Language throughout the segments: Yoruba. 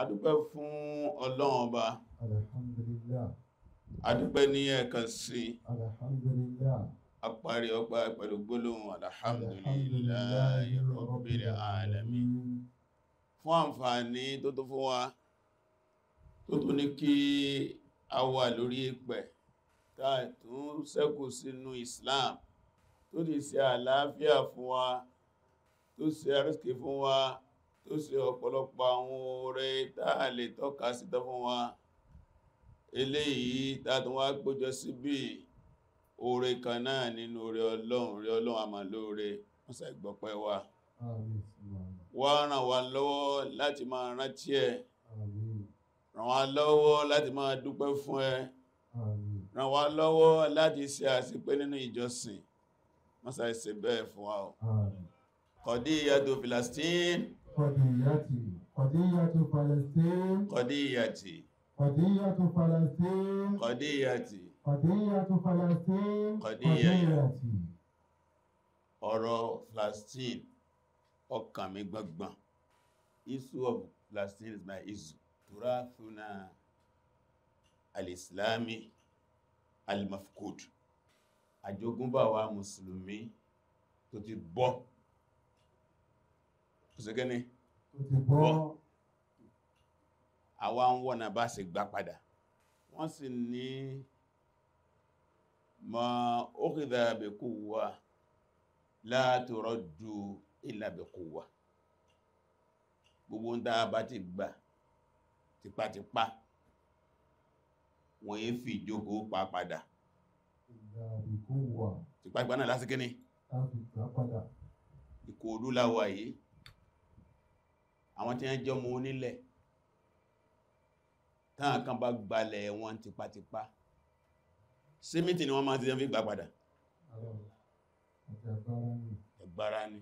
adúpẹ́ fún ọlọ́run ọba alhamdulillah adúpẹ́ ní ẹ̀kan sí alhamdulillah apari ọgbà pẹ̀lú gbólóhùn alhamdulillahi rabbil alamin fún àǹfààní tó tó fún wa tó tó ní kí a wà lórí ìpẹ̀ táà tún ṣẹ́kù sínú Islam tó ti ṣe àlàáfíà fún wa tó ṣe àrísìkí fún wa tó ṣe ọ̀pọ̀lọpọ̀ àwọn oore táà lè tọ́ka sí tọ́ fún wa eléyìí tàbí wá gbójọ sí bí oore kan náà nínú oore ọlọ́run oore ọlọ́run àmà lóore wọ́n sẹ́ gbọ́pẹ́ wa wá ràn wá lọ́wọ́ láti máa rántí ẹ ràn wá lọ́wọ́ láti máa dúpẹ́ fún ẹ ràn wá lọ́wọ́ láti ṣe àṣepé nínú ìjọsìn wọ́n sẹ́ bẹ́ẹ̀ fún wa ọ̀ kọ̀dí yàtò Filastin قضيتي قضية فلسطين قضيتي قضية فلسطين قضيتي قضية فلسطين قضيتي ọ̀rọ̀ Palestine ọkàn mi gbọ̀ngbọ̀n issue of Palestine is my issue turathuna al-islami al-mafqud àjogúnbà wa mùsùlùmí tó ti bọ́ ṣegẹ́ ni bọ́ àwa ń wọ́n náà bá ṣe gbá padà wọ́n sì ní ma ukhidha bi quwwa la turaddu illa bi quwwa gbogbo ń dáa bá ti gbà tipatipa wọ́n yí fi ìjókò pa padà tipatipa náà lásìkí ìkò olúláwà yìí àwọn tí wọ́n jẹ́ ọmọ onílẹ̀ táwọn kan bá gbalẹ̀ wọn tipátipá símítì ni wọ́n máa ti jẹ́ fi gbà padà ẹgbára ni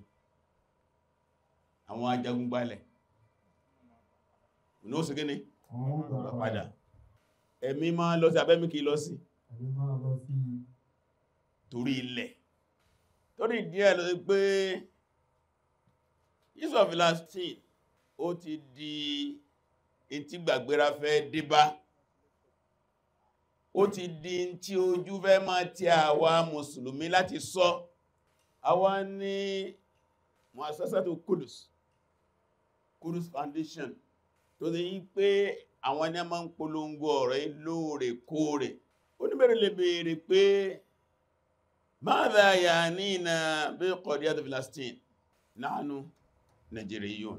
àwọn ajagun gbalẹ̀ ní ó sì gíní gbà padà ẹ̀mí máa lọ sí abẹ́mí kìí lọ sí torí ilẹ̀ torí díẹ̀ lọ sí pé Israel of Palestine o ti di in tí gbàgbéra fẹ́ ti di in tí ojú fẹ́ máa tí musulmi láti sọ a wá ní kudus kudus foundation tó di yí pé àwọn ẹni ma ń polongo ọ̀rẹ́ lóòrèkóòrè ó ní bẹ̀rẹ̀ lè bèèrè pé mọ́bàá yà ní ìnà bí kọ̀díyàtò vilastin nigeria yóò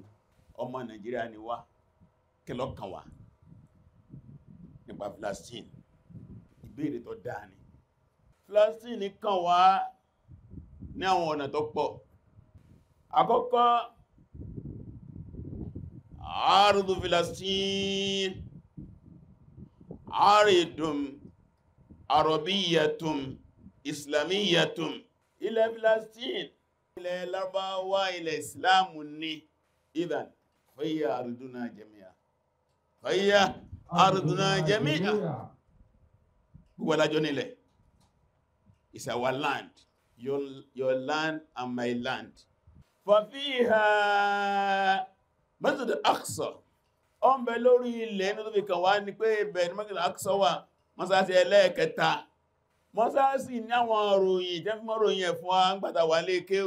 ọmọ Nàìjíríà ni wá kílọ́kàn wá nípa Palestine ìbéèrè tó dáa ni Palestine kàn wá ní àwọn ọ̀nà tó pọ̀ àkọ́kọ́ àrùdù Palestine àrídùn àrọ̀bíyàtùn islamiyatun ilẹ̀ Palestine ilẹ̀ Lárúbáwá ilẹ̀ islamu ni idan fayya arduna jami'a fayya arduna jami'a gbogbo adájọ́ nílẹ̀ is our land your, your land and my land fàfíhà masjid al-aqsa ó ń bẹ lórí ilẹ̀ ní tó fi kàn wá ní pé ibẹ̀ ní masjid al-aqsa wà mọ́sáàsì ẹlẹ́ẹ̀kẹta mọ́sáàsì ní àwọn òròyìn jẹ́ fún òròyìn ẹ̀fún àgbàtà wà léèké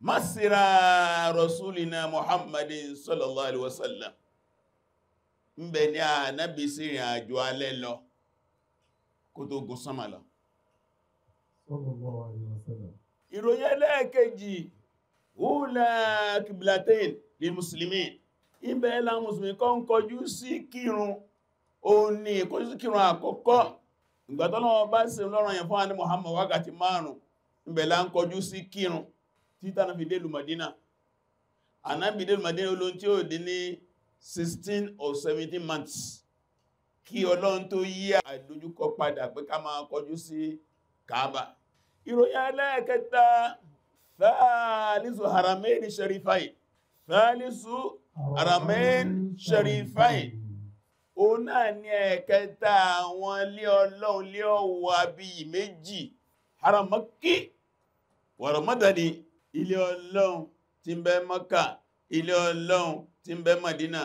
masira rasulina muhammadin sallallahu alaihi wasallam ń bẹ ní ànábì sí ìrìn àjò alẹ́ lọ kó tó gun sánmà lọ sallallahu alaihi wasallam ìròyìn ẹlẹ́ẹ̀kejì húlá kìbìlátẹ́yìn lè musulmi ibẹ̀ ẹlà musulmi kọ́ ń kọjú sí kírun o ní ìkọjú sí kírun àkọ́kọ́ ìgbàtọ́lọ́wọ́ bá sí lọ́rọ̀ yẹn fún àní Muhammad wákàtí márùn-ún ibẹ̀ ń kọjú sí kírun títà náà fi dé ìlú Madina anábi dé ìlú Madina olóhun tí ó dín ní 16 or 17 months kí ọlọ́run tó yí àdójúkọ padà pé ká máa kọjú sí Kaaba ìròyìn alẹ́ẹ̀kẹta thalisu haramain sharifai thalisu haramain sharifai o náà ní ẹ̀kẹta àwọn ilé ọlọ́run lé ọwọ́ àbí méjì haramaki wàràmádàní ilé ọlọ́run tí ń bẹ Mọ́kà ilé ọlọ́run tí ń bẹ Mọ̀dínà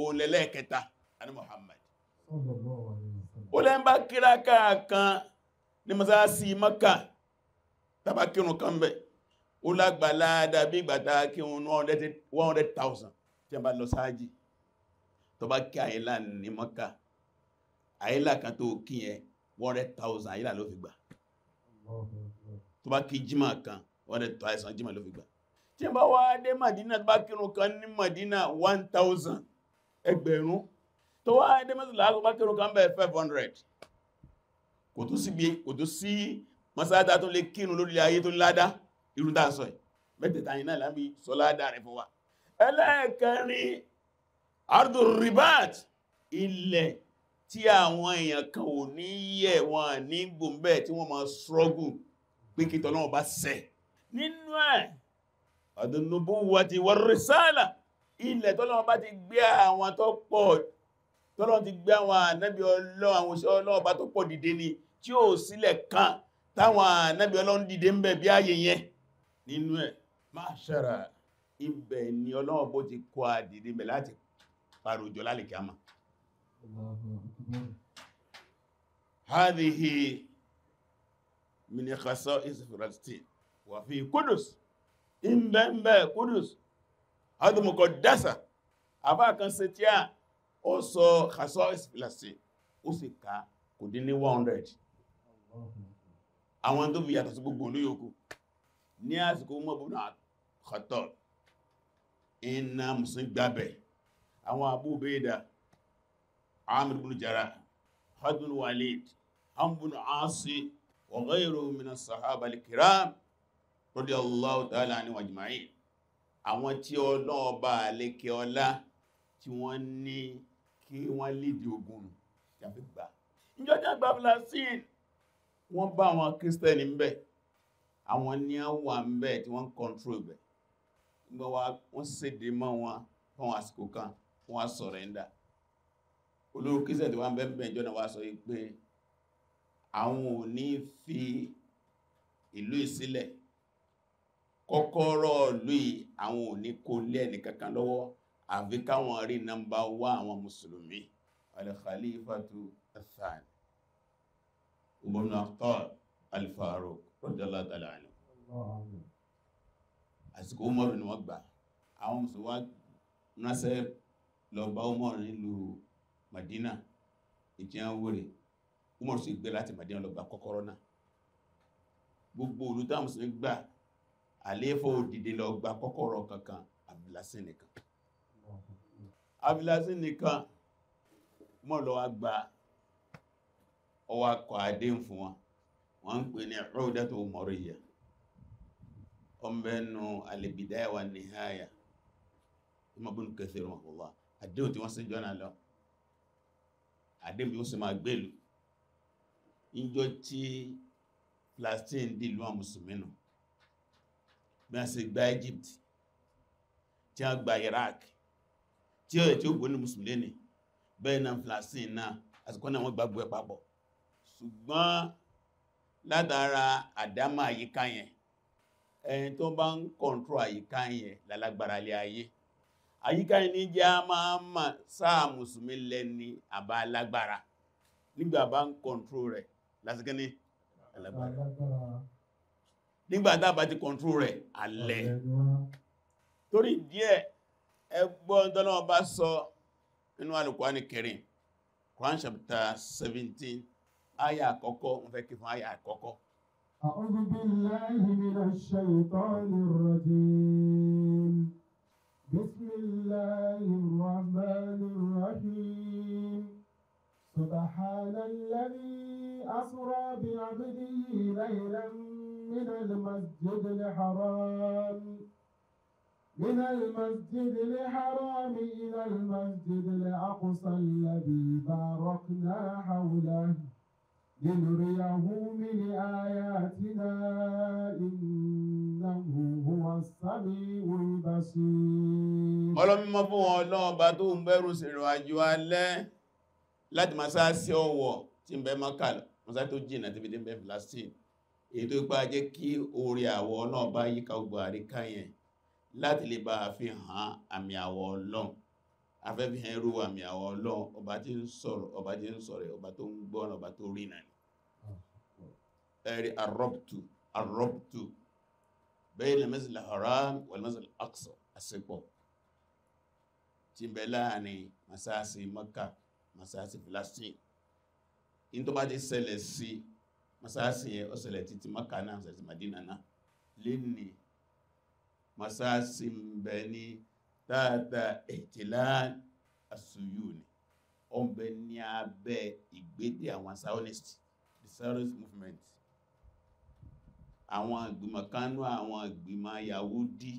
òlẹ̀lẹ́ kẹta àní Muhammad ó lẹ́ ń bá kíráká kan ní mọ́sáàsì Mọ́kà tàbá kírun kan bẹ̀ ó lágbà láàdá bí ìgbàta kírun 100,000 tí a bá lọ sáájì tó bá kí àyílà ní Mọ́kà àyílà kan tó kí yẹn 100,000 àyílà ló fi gbà tó bá kí jímà kan 100,000 wọ́n dẹ̀ tọ́ àìsàn jímọ̀ ló gbà tí bá wá dé Madina bá kírun kan ní Madina 1000 ẹgbẹ̀rún tó wá dé mẹ́sìlá àgbà bá kírun kan bẹ̀ 500 kò tó sí bí kò tó sí masáàdá tó lè kírun lórí ayé tó ládá irun tàà sọ ẹ̀ mẹ́tẹ̀ta yìí náà lábí sọ ládá rẹ̀ fún wa ẹlẹ́ẹ̀kẹrin ardu ribat ilẹ̀ tí àwọn èèyàn kan ò ní yẹ̀ wọn ní gbòmbẹ̀ tí wọ́n ma struggle pé kí tọ́lọ́wọ́ bá sẹ́ẹ̀ nínú ẹ̀ àdínúbú wa ti wà rìsáàlà ilẹ̀ tọ́lọ́wọ́ bá ti gbé àwọn tó pọ̀ tọ́lọ́wọ́ ti gbé àwọn ànábì ọlọ́wọ́ àwọn òṣìṣẹ́ ọlọ́wọ́ bá tó pọ̀ dìde ni tí ó sílẹ̀ kan táwọn ànábì ọlọ́wọ́ dìde ń bẹ̀ wà fi kudus ìbẹ̀m̀bẹ̀ kudus adùmùkọ̀ dásà àbákan se tí a ó sọ kàṣọ́ ìsìlàsì ó sì ká kò dín ní 100 àwọn tó fi yàtọ̀ sí gbogbo olú yòókù ní àsìkò mọ́bùnà àkọ́tọ̀ iná musulmi gbábẹ̀ àwọn Abu radiyallahu ta'ala anhum ajma'in àwọn tí Ọlọ́run bá lékè ọlá tí wọ́n ní kí wọ́n lìdí ogun jàfẹ́ gbà ìjọjá gbà Palestine wọ́n bá àwọn kírísítẹ́nì ń bẹ̀ àwọn ní àwà ń bẹ̀ tí wọ́n control bẹ̀ gbọ́ wa wọ́n sédé mọ́ wọn fún àsìkò kan wọ́n sọ̀rẹ́ndà olórí kírísítẹ́nì tí wọ́n bẹ̀bẹ̀ ìjọ náà wá sọ pé àwọn ò ní fi ìlú ìsílẹ̀ kọ́kọ́rọ́ ìlú yìí àwọn ò ní kó lé ẹni kankan lọ́wọ́ àfi káwọn rí nọmbà wá àwọn mùsùlùmí al-khalifatu athani Umar ibn Khattab al-Faruq radiyallahu ta'ala anhu àsìkò Umar ni wọ́n gbà àwọn mùsùlùmí ránṣẹ́ lọ bá Umar nílùú Madina ìjẹun wòrè Umar sì gbé láti Madina lọ gba kọ́kọ́rọ́ náà gbogbo olùtàmùsùlùmí gbà àléfò òdìdè lọ gba kọ́kọ́rọ̀ kankan abúlásí nìkan abúlásí nìkan mọ́ lọ gba ọwà kọ̀ fún wọn wọ́n ń pè ní Uqdatu Umariyya ọmọbẹ̀ẹ́nu al-Bidaya wa Nihaya Imam Ibn Kathir rahimahullah àdéhùn ụwa adị bí wọ́n ṣe gba Egypt tí wọ́n gba Iraq tí ó tí ó gbọ́ ní musulmi ní bẹ́ẹ̀ náà flasin náà àsìkò náà wọ́n gbàgbọ́ ẹ papọ̀ ṣùgbọ́n látara àdámà àyíká yẹn ẹni tó bá ń kọ̀ntró àyíká yẹn lálágbára lé ayé àyíká yẹn ní jẹ́ a máa mà sáà musulmi lẹ́ni àbá alágbára nígbà bá ń kọ̀ntró rẹ̀ lásìkò ní alágbára nígbàtà bá ti kọ̀ntrú rẹ̀ alẹ́ torí díẹ̀ ẹgbọ́n tọ́lọ́wọ́ bá sọ nínú Al-Qur'an Karim Quran chapter 17 aya àkọ́kọ́ ń fẹ́ kí fún aya àkọ́kọ́ A'udhu billahi minash shaytanir سبحان الذي أسرى بعبده ليلا من المسجد الحرام من المسجد الحرام إلى المسجد الأقصى الذي باركنا حوله لنريه من آياتنا إنه هو السميع البصير. ọlọ́mímọ́ fún ọlọ́ọ̀bá tó ń bẹ̀rù láti masáàsí ọwọ̀ tí ń bẹ Mákà masá tó jìnà tí bẹ̀dẹ̀ bẹ̀ Palestine èyí tó pa jẹ́ kí orí àwọ̀ náà bá yíká gbogbo àríká yẹn láti lè bá fi hàn àmì àwọ̀ Ọlọ́run afẹ́fẹ́ hàn irú àmì àwọ̀ Ọlọ́run ọba tí ń sọ̀rọ̀ ọba tí ń sọ̀rọ̀ ọba tó ń gbọ́n ọba tó rí nà ní ẹ̀rí arọ́pùtù arọ́pùtù bẹ́ẹ̀ lè mẹ́sìlẹ̀ haram wal mẹ́sìlẹ̀ Aqsa àsìpọ̀ tí ń bẹ láàrin masáàsí Mákà masáàsì Palestine in tó bá ti ṣẹlẹ̀ sí masáàsì yẹn ó ṣẹlẹ̀ títí Mákà náà ṣẹlẹ̀ Madina náà lè ní masáàsì ń bẹ ní tààtà ihtilal as-Suyuni Zionist the Zionist movement àwọn ìgbìmọ̀ kanú àwọn ìgbìmọ̀ Yahudi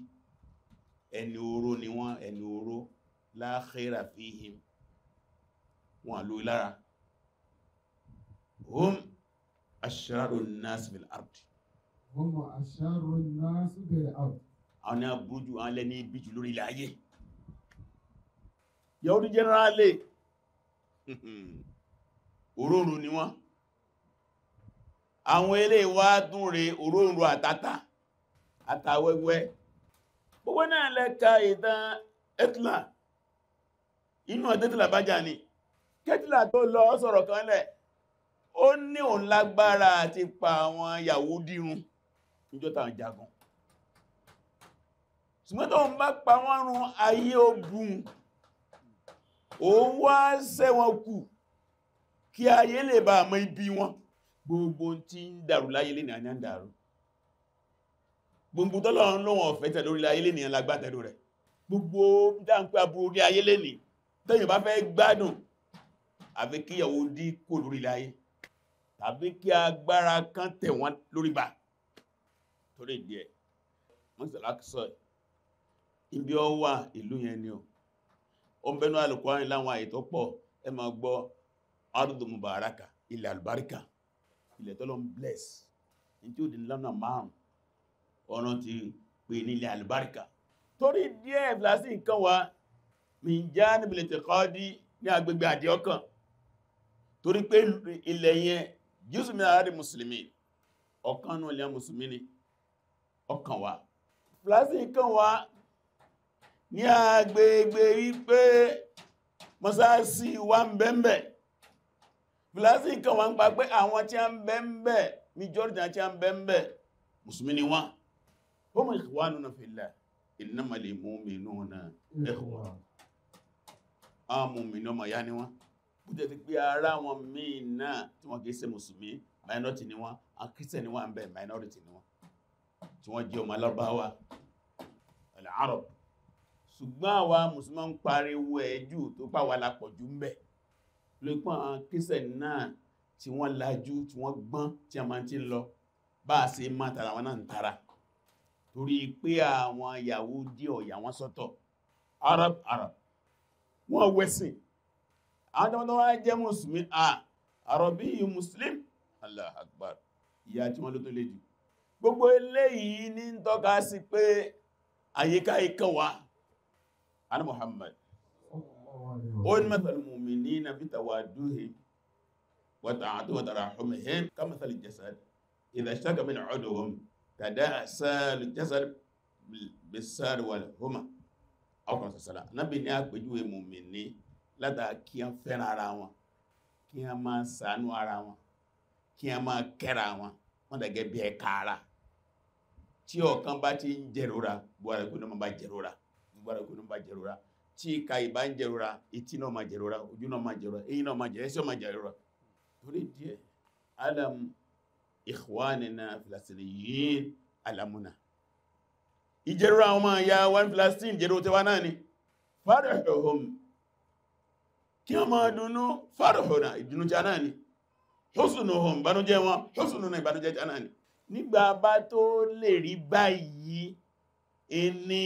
ẹni oró ni wọ́n ẹni oró la khaira fihim wọn àlò ìlara hum asharu nas bil ard hum asharu nas bil ard àwọn abúrújú àwọn lẹ́ni bíjù lórí ilẹ̀ ayé yahudi generally òróòrò ni wọ́n àwọn ilé wa dún re òróòrò àtàtà àtàwẹ́wẹ́ gbogbo náà lẹ́ka ìdán etla inú ọdẹ́tìlà bájá ni kẹ́tìlá tó lọ sọ̀rọ̀ kan lẹ̀ ó ní òun lágbára àti pa àwọn Yahudi run níjọ́ta jagun ṣùgbọ́n tó ń bá pa wọ́n run ayé ogun òun wá ṣẹ́ wọn kù kí ayé lè bá àmọ́ ibi wọn gbogbo tí ń dàrú láyé lè ní dàrú gbogbo tọ́lọ́run lóhun ọ̀fẹ́ tẹ̀ lórí ayé lè ní alágbátẹ̀lú rẹ̀ gbogbo dáa ń pẹ́ aburú ní ayé lè ní tẹ́yìn bá fẹ́ gbádùn àfi kí ìyàwó dí kò lórí láyé tàbí kí agbára kan tẹ̀ wọ́n lórí bá torí díẹ̀ mọ́síláàkísọ̀ ibi ọ wà ìlú yẹn ni ọ o ń bẹnu alùkọ́rin láwọn àyètọ́ pọ̀ ẹ ma gbọ́ arúdù mubaraka ilẹ̀ albarika ilẹ̀ tọ́lọ́n bless ní tí ó di lọ́nà márùn ọ̀nà ti pè ní ilẹ̀ albarika torí díẹ̀ ìfìlásí nǹkan wa min jánibìlẹ̀ tẹ̀kọ́ dí ní agbègbè àdíọ́kàn torí pé ilẹ̀ yẹn jésù mi àárí musulmi ọ̀kan náà ilẹ̀ musulmi ni ọkàn wa flasí kan wa ní agbègbè wípé mọ́sáàsì wa ń bẹ́m̀bẹ̀ flasí kan wa ń pa pé àwọn tí a ń bẹ́m̀bẹ̀ ní georgia tí a ń bẹ́m̀bẹ̀ musulmi ni wọ́n ó mọ̀ ìwánú na fìlà innamal mu'minuna ikhwah àwọn mùmínà ọmọ ìyá ni wọ́n bó jẹ́ ti pé ara wọn míì náà tí wọ́n kìí ṣe mùsùlùmí minority ni wọ́n àwọn christian ni wọ́n ń bẹ minority ni wọ́n tí wọ́n jẹ́ ọmọ alárúbáwá al-Arab ṣùgbọ́n àwa mùsùlùmí ń pariwo ẹ̀jù tó pàwà lápọ̀jù ń bẹ lópọ̀ àwọn christian náà tí wọ́n lajú tí wọ́n gbọ́n tí a máa ti lọ bá a ṣe máa tara wọn náà ń tara torí pé àwọn Yahudi ọ̀yà wọn sọ́tọ̀ Arab Arab wọ́n wẹ́sìn adọ́dọ́ wá jẹ́ mùsùlùmí à àrọ̀bí yìí muslim allah akbar ìyá tí wọ́n ló tó lè jù gbogbo eléyìí ní ń tọ́ka sí pé àyíká ikọ̀ wá ana muhammad ó ní mẹ́tàlì mu'minina fi tawadduhim wa ta'atuhum wa tarahumihim ka mẹ́tàlì jasad ọkùnrin sọ̀sọ̀lá náàbì ní àpèjúwe mùmínì látàá kí a fẹ́ràn ara wọn kí a máa ṣàánú ara wọn kí a máa kẹ́ra wọn wọ́n dàgẹ́ bí ẹka ara tí ọ̀kan bá ti ń jẹrora buhari kúnnà máa jẹrora buhari kúnnà máa jẹrora tí ìka ìbá ń jẹrora etí náà máa jẹrora ojú náà máa jẹrora eyín náà máa jẹrora máa jẹrora torí díẹ̀ alam ikhwanina filasiliyin alamuna ìjẹrọ àwọn ọmọ ya one plastin jẹrọ tẹwa náà ni farahum kí wọ́n máa dúnú farahuna ìdúnú já náà ni husunuhum ìbànújẹ́ wọn husununa ìbànújẹ́ já náà ni nígbà bá tó lè rí báyìí ẹni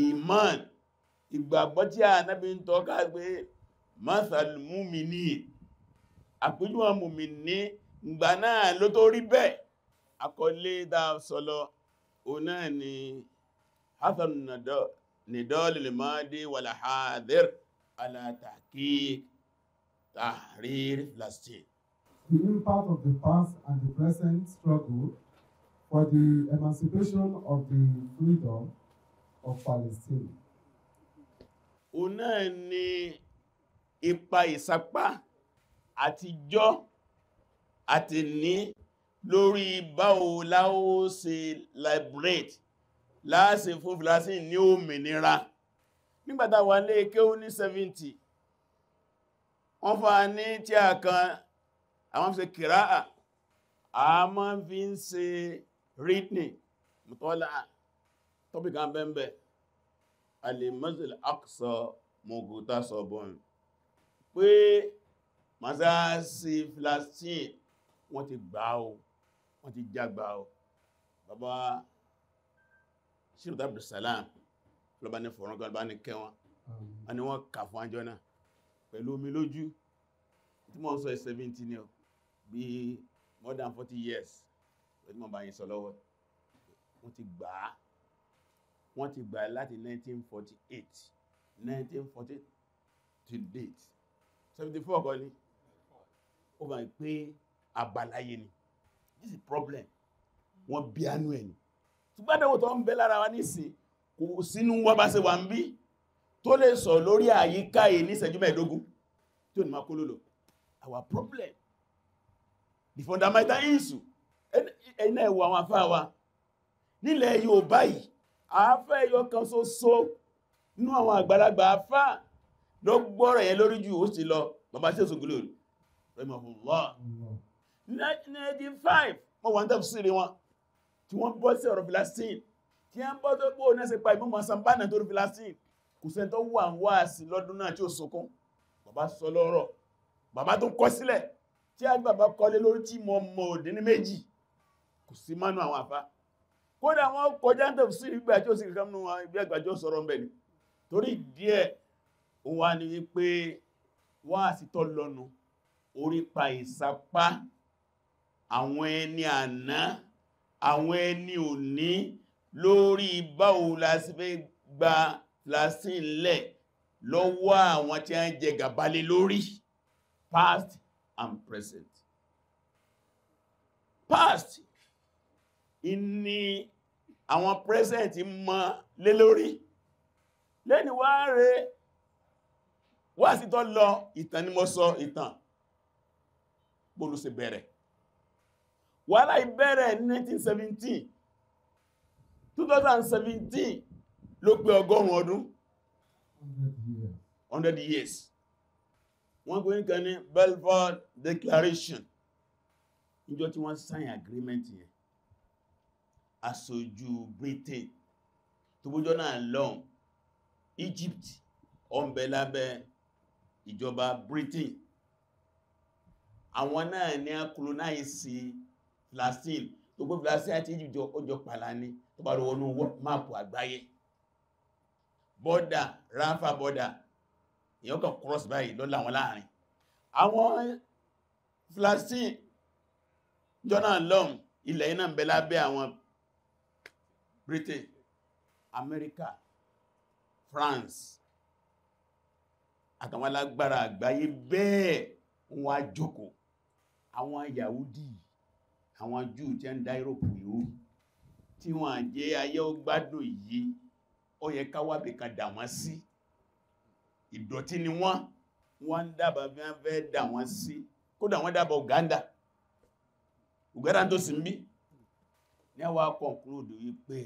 iman ìgbàgbọ́ tí a nábi ń tọ́ka náà ló tó rí bẹ́ẹ̀ àkọlé dáa sọlọ o náà ni atharu nidal lil madi wal hadir ala tahqiq tahrir Palestine the impact of the past and the present struggle for the emancipation of the freedom of Palestine ọ̀nà ni ipa ìsapá àtijọ́ àti ní lórí báwo la ó ṣe liberate láàsì fún fìlásì ní òmìnira nígbàtà wà ní kéhù ní 70 wọ́n fa ní tí a kan àwọn fi ṣe kìráà a máa fi ń ṣe rídnì mọ̀tọ́lá tọ́bíkà bẹ́m̀bẹ̀ alimazil aqsa moguta sọ́bọ̀n pé masáàsì fìlásì wọ́n Shiru Abdulsalam ló bá ní fọ̀rán kan ní kẹwọn hmm. a ni wọ́n kà fún àjọ náà pẹ̀lú omi lójú tí mọ́ sọ 17 ni ọ bí more than 40 years lójú mọ́ bá yìí sọ lọ́wọ́ wọ́n ti gbà á wọ́n ti gbà láti 1948 1948 to date 74 kan ní ó bá ń pé abàláyé ni this is problem wọ́n bí anú ẹ̀ ni ṣùgbádẹ̀wò tó ń bẹ lára wa nísìn kò sínú wá bá ṣe wà ń bí tó lè sọ lórí àyíká yìí ní ìṣẹ́jú mẹ́ẹ̀dógún tí ò ní máa kó lòlò our problem the fundamental issue ẹ̀nà ẹ̀wọ̀ àwọn afá wa nílẹ̀ Yorùbá yìí àáfẹ́ ẹyọ kan ṣoṣo nínú àwọn àgbàlagbà afá ló gbọ́rọ̀ yẹn lórí jù ó sì lọ bàbá sí òsùn gúlò rẹ̀ mọ̀ fún 95 mọ̀ wọ́n tẹ́fù tí wọ́n bọ́ sí ọ̀rọ̀ Palestine tí a ń bọ́ tó pọ̀ náà sí pa ìmọ́ masambana tó rí Palestine kò sẹ́ tó wà ń wá sí lọ́dún náà tí ó sọkún bàbá sọ lọ́rọ̀ bàbá tó kọ sílẹ̀ tí a bàbá kọlé lórí tí mọ mọ òdí ní méjì kò sí mánú àwọn àfá kódà wọ́n kọjá tó sí ìgbà tí ó sì kàmù ibi àgbàjọ sọ̀rọ̀ ń bẹ̀ ni torí díẹ̀ wà ní wípé wá sí tọ́ lọ́nu orí pa ìsapá àwọn ẹni àná àwọn ẹni ò ní lórí báwo láti fẹ́ gba lásìnlẹ̀ lọ́wọ́ àwọn tí a ń jẹ gàbálé lórí past and present past ní àwọn present mọ́ lé lórí lẹ́ni wá rẹ̀ wá sí tọ́ lọ ìtàn ni mo sọ ìtàn bólúsẹ̀ bẹ̀rẹ̀ wàhálà ìbẹ̀rẹ̀ 1917 2017 ló pé ọgọ́rùn ọdún 100 years wọ́n gbé nǹkan ní Balfour Declaration níjọ́ tí wọ́n sign agreement yẹn aṣojú Britain tó bójọ́ náà lọ́n Egypt ọmọbẹ lábẹ́ ìjọba Britain àwọn náà ní a colonize Palestine gbogbo Palestine àti Egypt ọjọ́ pàlá ní tó bá rọ wọnú máàpù àgbáyé bọ́dà ráfà bọ́dà èyàn kan cross by, lọ́lá wọn láàrin àwọn Palestine jọ́nà lọ́m ilẹ̀ iná bẹ lábẹ́ àwọn Britain America France àtàwọn alágbára àgbáyé bẹ́ẹ̀ wọ́n á jókòó àwọn Yahudi àwọn jù tí ń dá Europe yóò tí wọ́n jẹ́ ayé ó gbádùn yìí ó yẹ káwàbí kan dà wọ́n sí ìdọ̀tí ni wọ́n wọ́n ń dábà bí wọ́n fẹ́ dà wọ́n sí kódà wọ́n dábà Uganda Uganda tó sì ń bí ní àwa conclude wípé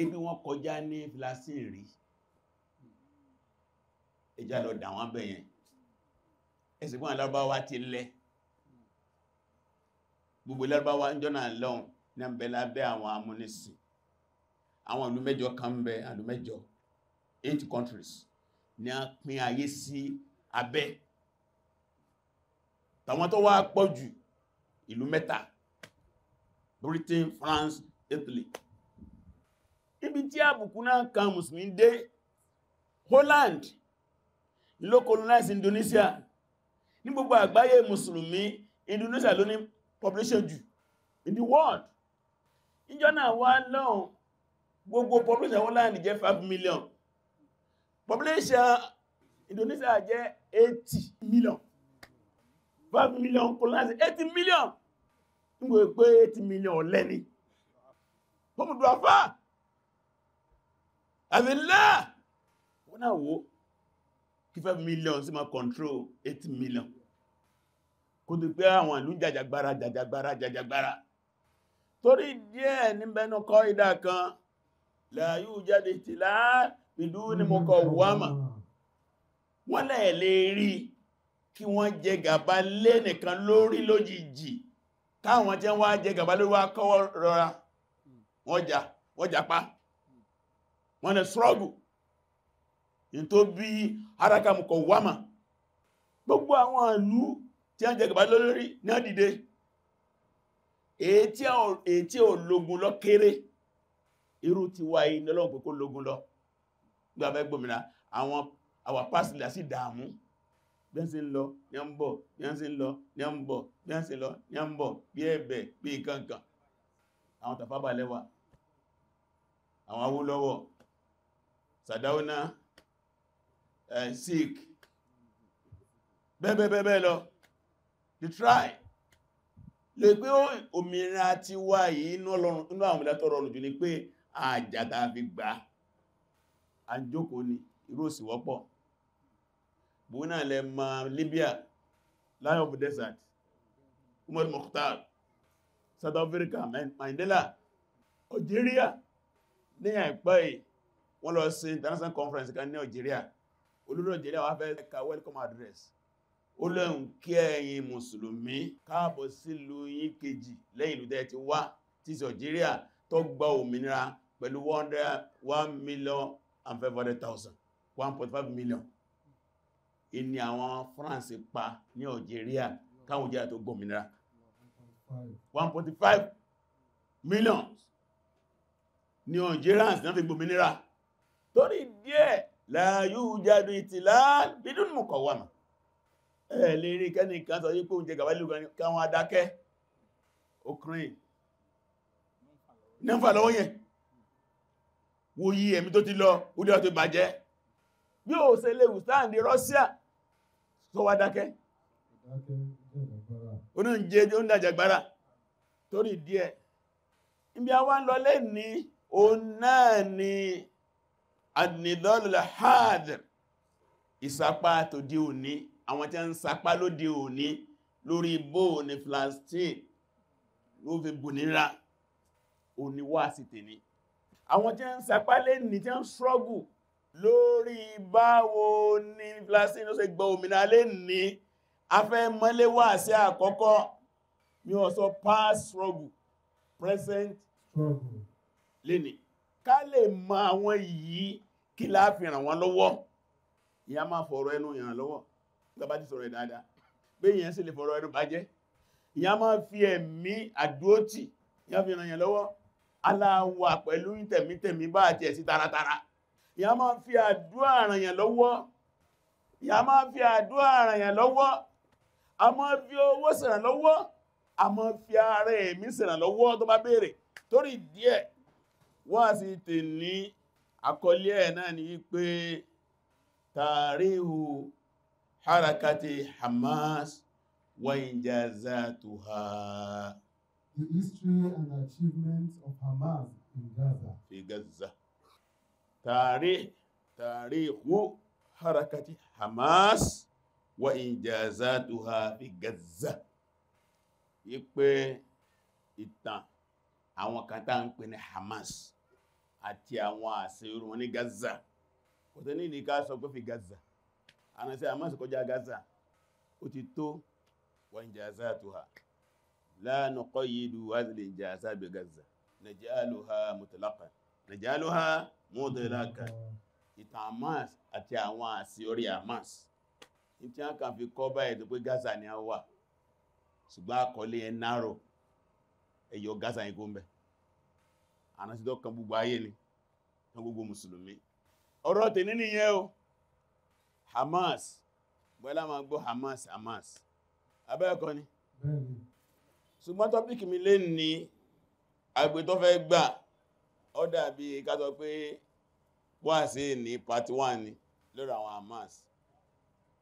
ebi wọ́n kọjá ní filasin rí ẹjá lọ dà wọ́n bẹ̀yẹn ẹ̀sìnkú àwọn alárúbáwá ti lẹ́ gbogbo lárúbáwá ń jọ́nà lọ́hùn ní àbẹ̀ lábẹ́ àwọn amúnisìn àwọn ìlú mẹ́jọ kan bẹ ìlú mẹ́jọ eight countries ni a pín ayé sí abẹ́ tàwọn tó wá pọ̀ jù ìlú mẹ́ta Britain France Italy ibi tí àbùkù náà kan musulmi dé Holland ló colonize Indonesia ní gbogbo àgbáyé musulmi Indonesia ló ní population jù in the world ìjọ náà wá lọ́n gbogbo population wọ́n láàrin jẹ́ 5 million population Indonesia jẹ́ 80 million 5 million colonize 80 million nígbò pé 80 million lẹ́ni pọ́pùdù àfá àmìlá wọ́n náà wó kí 5 million sí ma control 80 million kó tó pé àwọn ìlú jàjàgbára jàjàgbára jàjàgbára torí díẹ̀ níbẹ̀nú kọ́ ìdá kan láyú jáde tí láàpìdú ní mo kọ̀ wọ́mà wọ́n lẹ̀ lè rí kí wọ́n jẹ gàba lé nìkan lórí lójijì táwọn jẹ́ wá jẹ gàba lórí wá kọ́wọ́ rọra wọ́n jà wọ́n jà pa wọ́n lè struggle haraka mo kọ̀ wọ́mà gbogbo àwọn ìlú tí a ń jẹ gàbá lórí ní àdìde èyí tí ò lógun lọ kéré irú ti wá iná lọ́wọ́ pé kó lógun lọ gbàbẹ́ gbòmìnà àwọn àwà pásìlẹ̀ sí dààmú bí ẹ́n sí ń lọ ní ẹ́n bọ̀ lọ ní ẹ́n lọ ní bí ẹ̀bẹ̀ bí kankan àwọn Tàfábà lẹ́wà àwọn Awólọ́wọ̀ Sàdáúná eh, sikh bẹ́ẹ̀bẹ́ẹ̀bẹ́ẹ̀ lọ they try lè pé òmìnira ti wá yìí inú àwọn ìdátọrọ olùjú ni pé àjàgà fi gbà àjókò ní irú òsì wọ́pọ̀ bóná lẹ ma Libya lion of the desert Umar Mukhtar South Africa Mandela Algeria ní àìpẹ́ yìí wọ́n lọ sí international conference kan ní Algeria olúrò Algeria wá fẹ́ ka welcome address ó lẹ́hùn kí ẹ̀yin mùsùlùmí káàbọ̀ sílùú yín kejì lẹ́yìn ìlú tẹ́ ti wá ti Algeria tó gba òmìnira pẹ̀lú 1 million and 500,000 1.5 million ìní àwọn France pa ní Algeria káwọn jẹ́ tó gbòmìnira 1.5 million ni Algerians náà fi gbòmìnira torí díẹ̀ la yujadu ìtìlá bidun muqawama ẹ̀ lè rí kẹ́nìkan sọ yí pé oúnjẹ gàbálù káwọn adákẹ́ okùnrin nífà lọ́wọ́ yẹn wo yí ẹ̀mí tó ti lọ orí ọ̀tọ̀ ìbàjẹ́ bí ó ṣe lè wùsáàndì Russia sọ wá dákẹ́ oníjẹ́ ó ń dàjàgbára torí díẹ̀ ibi àwọn ń lọlé ní o náà ni adnidọ́lù lahad ìsapá tó di òní àwọn tí a ń sapá lóde òní lórí bó ní flastin ló fi bù níra oníwà sí tèní àwọn tí a ń sapá lé ní tí a ń ṣrọ́gù lórí báwo ní flastin ló ṣe gbọ́ òmìnira lé ní afẹ́ mọ́léwà sí àkọ́kọ́ mi ò past struggle present struggle léni ká lè mọ àwọn yìí kí la fi ràn lọ́wọ́ ìyá máa fọ̀rọ̀ ẹnu ìrànlọ́wọ́ tàbá ti sọ̀rọ̀ ìdáadáa pé èyàn sì lè fọ̀rọ̀ ẹnu bá jẹ́ ìyá máa fi ẹ̀mí àdúótì ìyá fi ràn yàn lọ́wọ́ aláwà pẹ̀lú tẹ̀mítẹ̀mí bá àti ẹ̀sí taratara ìyá máa fi àdúà ràn yàn lọ́wọ́ ìyá máa fi àdúà ràn a máa fi owó sẹ̀ràn a máa fi ara ẹ̀mí sẹ̀ràn lọ́wọ́ tó bá béèrè torí díẹ̀ wá sí tè ní àkọlé náà ni wípé tàríhù حركة حماس وإنجازاتها The history and achievements of Hamas in Gaza. في غزة تاريخ تاريخ حركة حماس وإنجازاتها في غزة يبقى ìtàn àwọn kan tá ń pè ní Hamas àti àwọn àṣẹ irun wọn ní Gaza kò tẹ́ ní ìdíká sọ pé fi Gaza ànàsí àmásì kọjá gaza ó ti tó wọ́n jàzá tó ha la nuqayyidu wádìí jàzá bí gaza najaluha mutlaqan najaluha mutlaqan ìtàn àmás àti àwọn àsí orí àmás ìtí a kàn fi kọ́ báyìí tó pé gaza ni a wà ṣùgbọ́n akọlé ẹ náró ẹ̀yọ gaza yìí kó ń bẹ̀ ànàsí tó kan gbogbo ayé ni kan ọ̀rọ̀ tẹ̀ nínú ìyẹn o Hamas bọ́lá ma gbọ́ Hamas Hamas abẹ́ẹ̀kọ́ ni ṣùgbọ́n tọ́píkì mi lè ní agbé tó fẹ́ gbà ó dàbí ká sọ pé wà sí ní pàtí wà ní lórí àwọn Hamas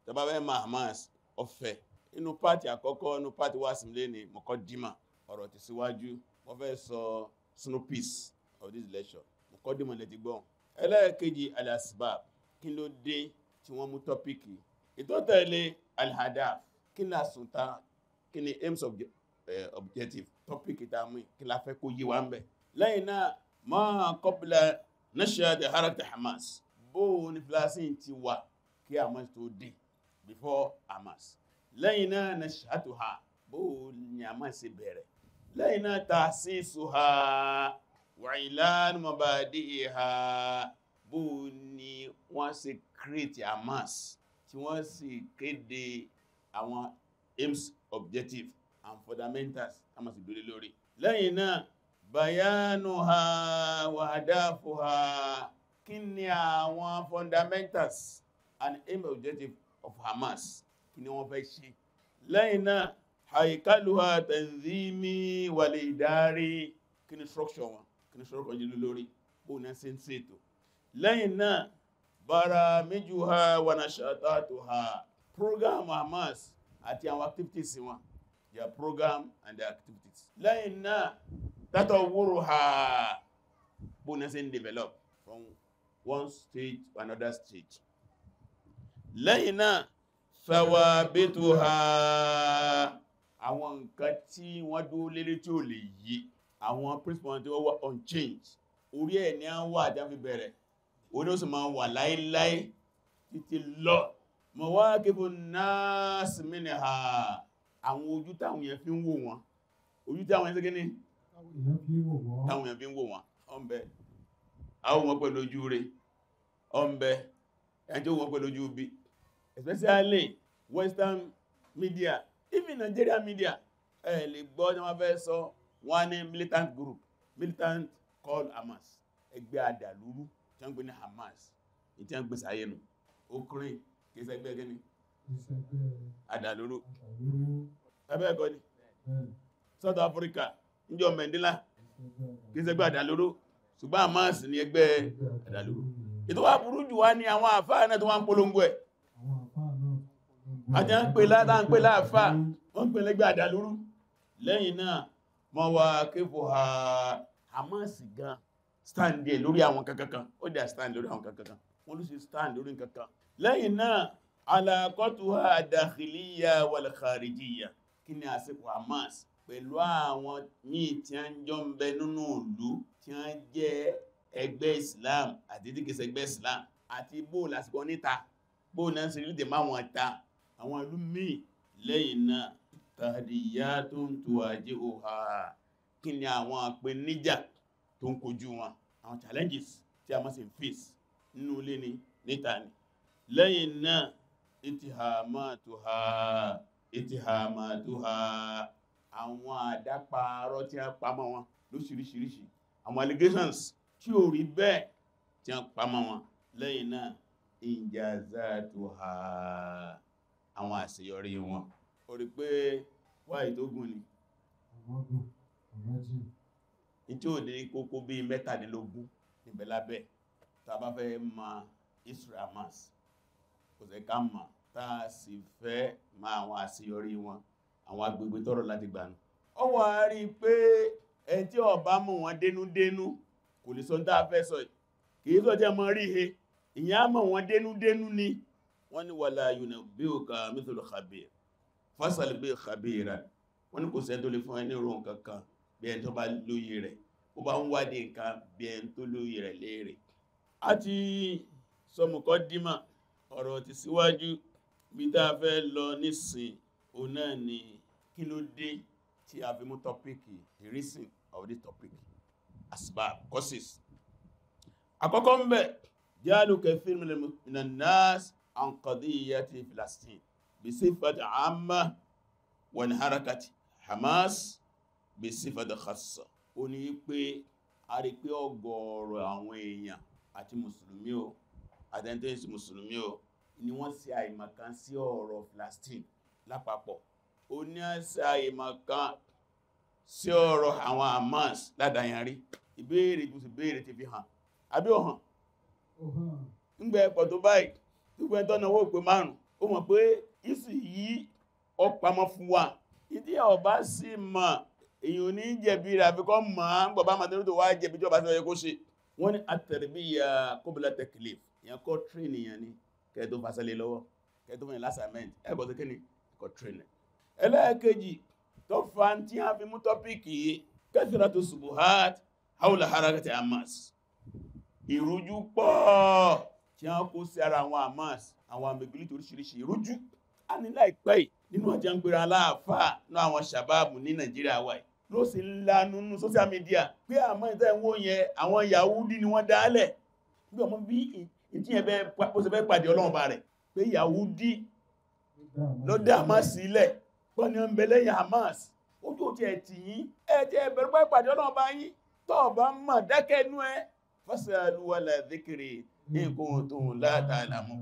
tọba bẹ́ ma Hamas ọfẹ́ inú pàtí àkọ́kọ́ inú pàtí wà sí lè ní mọ̀kọ́dímà ọ̀rọ̀ ti síwájú wọ́n fẹ́ sọ snopis of this lecture mọ̀kọ́dímà lẹ́ti gbọ́n ẹlẹ́ẹ̀kejì alasbab kí ló dé tí wọ́n mú tọ́píkì ìtò tẹ̀lé alhadaf kí ni àsùntà kí ni aims of uh, objective tọ́píkì tààmù kí la fẹ́ kó yí wa ń bẹ̀ lẹ́yìn náà ma qabla nashad harakat hamas bó ní filasin ti wà kí hamas tó dé before hamas lẹ́yìn náà nashatuha bó ní hamas bẹ̀rẹ̀ lẹ́yìn náà ta'sisuha wa ilan mabadiha bó ní wọ́n ṣe create hamas tí wọ́n sì kéde àwọn aims objectives, and fundamentals hamas ìdólé lórí lẹ́yìn náà bayanu ha wa hadafu ha kí ni àwọn fundamentals and aims objectives of hamas kí ni wọ́n fẹ́ ṣe lẹ́yìn náà haikaluwa tanzimi wà lè dárí kí ni structure wọn kí ni structure jílú lórí bóòná sí ń ṣètò lẹ́yìn náà baramijuha wa nashatatuha program hamas àti àwọn activities wọn their program and their activities lẹ́yìn náà tatawuruha bonus and develop from one stage to another stage lẹ́yìn náà thawabituha àwọn nǹkan tí wọ́n dúró lélé tí ó lè yí àwọn principle tí wọ́n wà unchanged orí ẹ̀ ni a ń wà àjáfi bẹ̀rẹ̀ ó ní ó sì máa wà láíláí títí lọ mọ̀wákébù náàsì mínì ha àwọn ojú táwọn yẹn fi ń wò wọn ojú táwọn yẹn síkí ní táwọn yẹn fi ń wò wọn ọmọbẹ àwọn wọn pẹ̀lú ojú rẹ̀ ọmọbẹ ẹni tó wọn pẹ̀lú ojú bí especially western media even Nigeria media ẹ lè gbọ́ ní wọ́n fẹ́ sọ wọ́n ní militant group militant called Amas ẹgbẹ́ àdàlúrú tí wọ́n gbé ní Hamas ìtí wọ́n gbé sáyẹnu okùnrin kìí ṣẹgbẹ́ gẹ́ni adàlóró ẹbẹ́ẹ̀kọ́ ni South Africa níjọ Mandela kìí ṣẹgbẹ́ adàlóró ṣùgbọ́n Hamas ní ẹgbẹ́ adàlóró ètò wá burú jù wá ní àwọn àfáà náà tó wá ń polongo ẹ̀ àti ń pè látà ń pè láàfà wọ́n pè lẹ́gbẹ́ àdàlúrú lẹ́yìn náà mọ́ wa kéfò Hamas gan stand there lórí àwọn kankankan ó dá stand lórí àwọn kankankan wọ́n ló sì stand lórí kankan lẹ́yìn náà alaqatuha ad-dakhiliyya wal-kharijiyya kí ni àsìkò Hamas pẹ̀lú àwọn míì tí a ń jọ ń bẹ nínú ìlú tí a ń jẹ́ ẹgbẹ́ Islam àti díkẹsẹ̀ ẹgbẹ́ Islam àti bó lásìkò níta bó náà ń ṣe rídè máwọn ta àwọn ìlú míì lẹ́yìn náà tahdiyatun tuwajihuha kí ni àwọn àpè níjà tó ń kojú wọn àwọn challenges tí a máa sì ń face nínú ilé ni níta ni lẹ́yìn náà ìtìhàmàtòhà ìtìhàmàtòhà àwọn àdápaarọ́ tí a pamọ́ wọn lóṣìíríṣìíríṣìí àwọn allegations tí ò rí bẹ́ẹ̀ tí a pamọ́ wọn lẹ́yìn náà ìjàzàtòhà àwọn àṣeyọrí wọn ó rí pé wáyé tó gùn ni ọ̀rọ̀ gùn ọ̀rọ̀ tí ó lè kókó bí mẹ́tàdínlógún níbẹ̀ lábẹ́ tá bá fẹ́ ma isramas kò sẹ ká ma tá sì fẹ́ ma àwọn àṣeyọrí wọn àwọn agbègbè tọ́rọ̀ láti gbanú ọ wà rí pé ẹni tí ọba mọ̀ wọn dénúdénú kò lè sọ ń dáa fẹ́ sọ kìí sọ jẹ́ mọ́ rí he ìyá mọ̀ wọn dénúdénú ni wọ́n ni wàlá yùnà bí ó ka mithlu khabir fásàlì bí khabira wọ́n ni kò sẹ́ lè fún ẹni ròhùn kankan bí ẹni tó bá lóye rẹ̀ ó bá ń wádìí nǹkan bí ẹni tó lóye rẹ̀ léèrè a ti sọmùkọ́ dímà ọ̀rọ̀ ti síwájú bí tá a fẹ́ lọ nísìn o náà ni kí ló dé tí a fi mú tọ́píkì the reason of this topic asbab causes àkọ́kọ́ ń bẹ̀ jáàlù kẹfí minanas an qadiyyati Palestine bí sífàtí àmà wọn harakati Hamas bí sífàdà khassa ó ní pé a rí pé ọgọ́ọ̀rọ̀ àwọn èèyàn àti mùsùlùmí o àtẹ́ntẹ́sì mùsùlùmí o ni wọ́n ṣe àìmọ̀kan sí ọ̀rọ̀ Palestine lápapọ̀ ó ní ṣe àìmọ̀kan sí ọ̀rọ̀ àwọn Hamas ládàyànrí ìbéèrè jù sí béèrè ti fi hàn àbí ọ̀hàn ńgbẹ́ ẹ̀pọ̀ tó báyìí tó gbẹ́ tọ́nà owó pé márùn ó mọ̀ pé ìsì yí ọpamọ́ fún wa ìdí ọ̀bá sí mọ̀ èyí ò ní jẹ̀bi rẹ̀ àfikọ́ máa ń gbọ̀bá màtínú tó wá jẹ̀bi jọba tí ó yẹ kó ṣe wọ́n ní àtẹ̀rẹ̀bíyà kóbílá tẹ̀kìlì ìyàn kọ́ tírínì yàn ní kẹ́ẹ̀tọ́ fásilẹ̀ lọ́wọ́ kẹ́ẹ̀tọ́ fún ìlásàmẹ́ntì ẹgbọ́ tó kíni kọ́ tírínì ẹlẹ́ẹ̀kejì tó fa tí a fi mú tọ́pìkì yìí kẹ́sìrà tó subuhat haula harakati hamas ìrújú pọ̀ tí ló sì ń lanú ní social media pé àmọ́ ìtẹ́ ìwọ̀n yẹn àwọn Yahudi ni wọ́n dálẹ̀ bí ọmọ bí ìtíyẹ̀bẹ́ pọ́sẹ̀fẹ́ pàdé Ọlọ́run bá rẹ̀ pé Yahudi ló dá Hamas sílẹ̀ pọ́ ni wọ́n bẹ̀lẹ̀ yà Hamas ojú òtí ẹ̀ tì yín ẹ̀ tẹ́ bẹ̀rẹ̀ pẹ́ pàdé Ọlọ́run bá yín tọ́ bá mọ̀ dákẹ́nú ẹ fásàlúwàlà zikiri ní nǹkan tó látàlàmù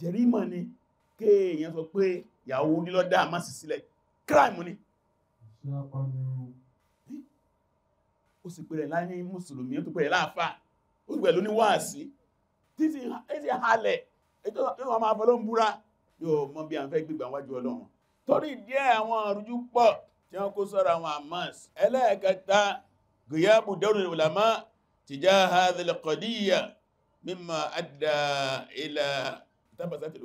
jẹ̀rímọ̀ ni kéèyàn sọ pé Yahudi ló dá Hamas sílẹ̀ crime ni ó sì pèrè láyé mùsùlùmí ó tó pèrè láàfà ó sì pẹ̀lú níwáàsí títí ẹ̀sì halẹ̀ ètò ìwọ̀n máa fọ́lọ́ ń búra yóò mọ́ bí a ń fẹ́ gbígbà wájú ọlọ́run torí díẹ̀ àwọn àrújú pọ̀ tí wọ́n kó sọ́rọ̀ àwọn àmọ́s ẹlẹ́ẹ̀kẹta gìyàbù dawrul ulama tijaha hadhil qadiyya mimma adda ila tabasatil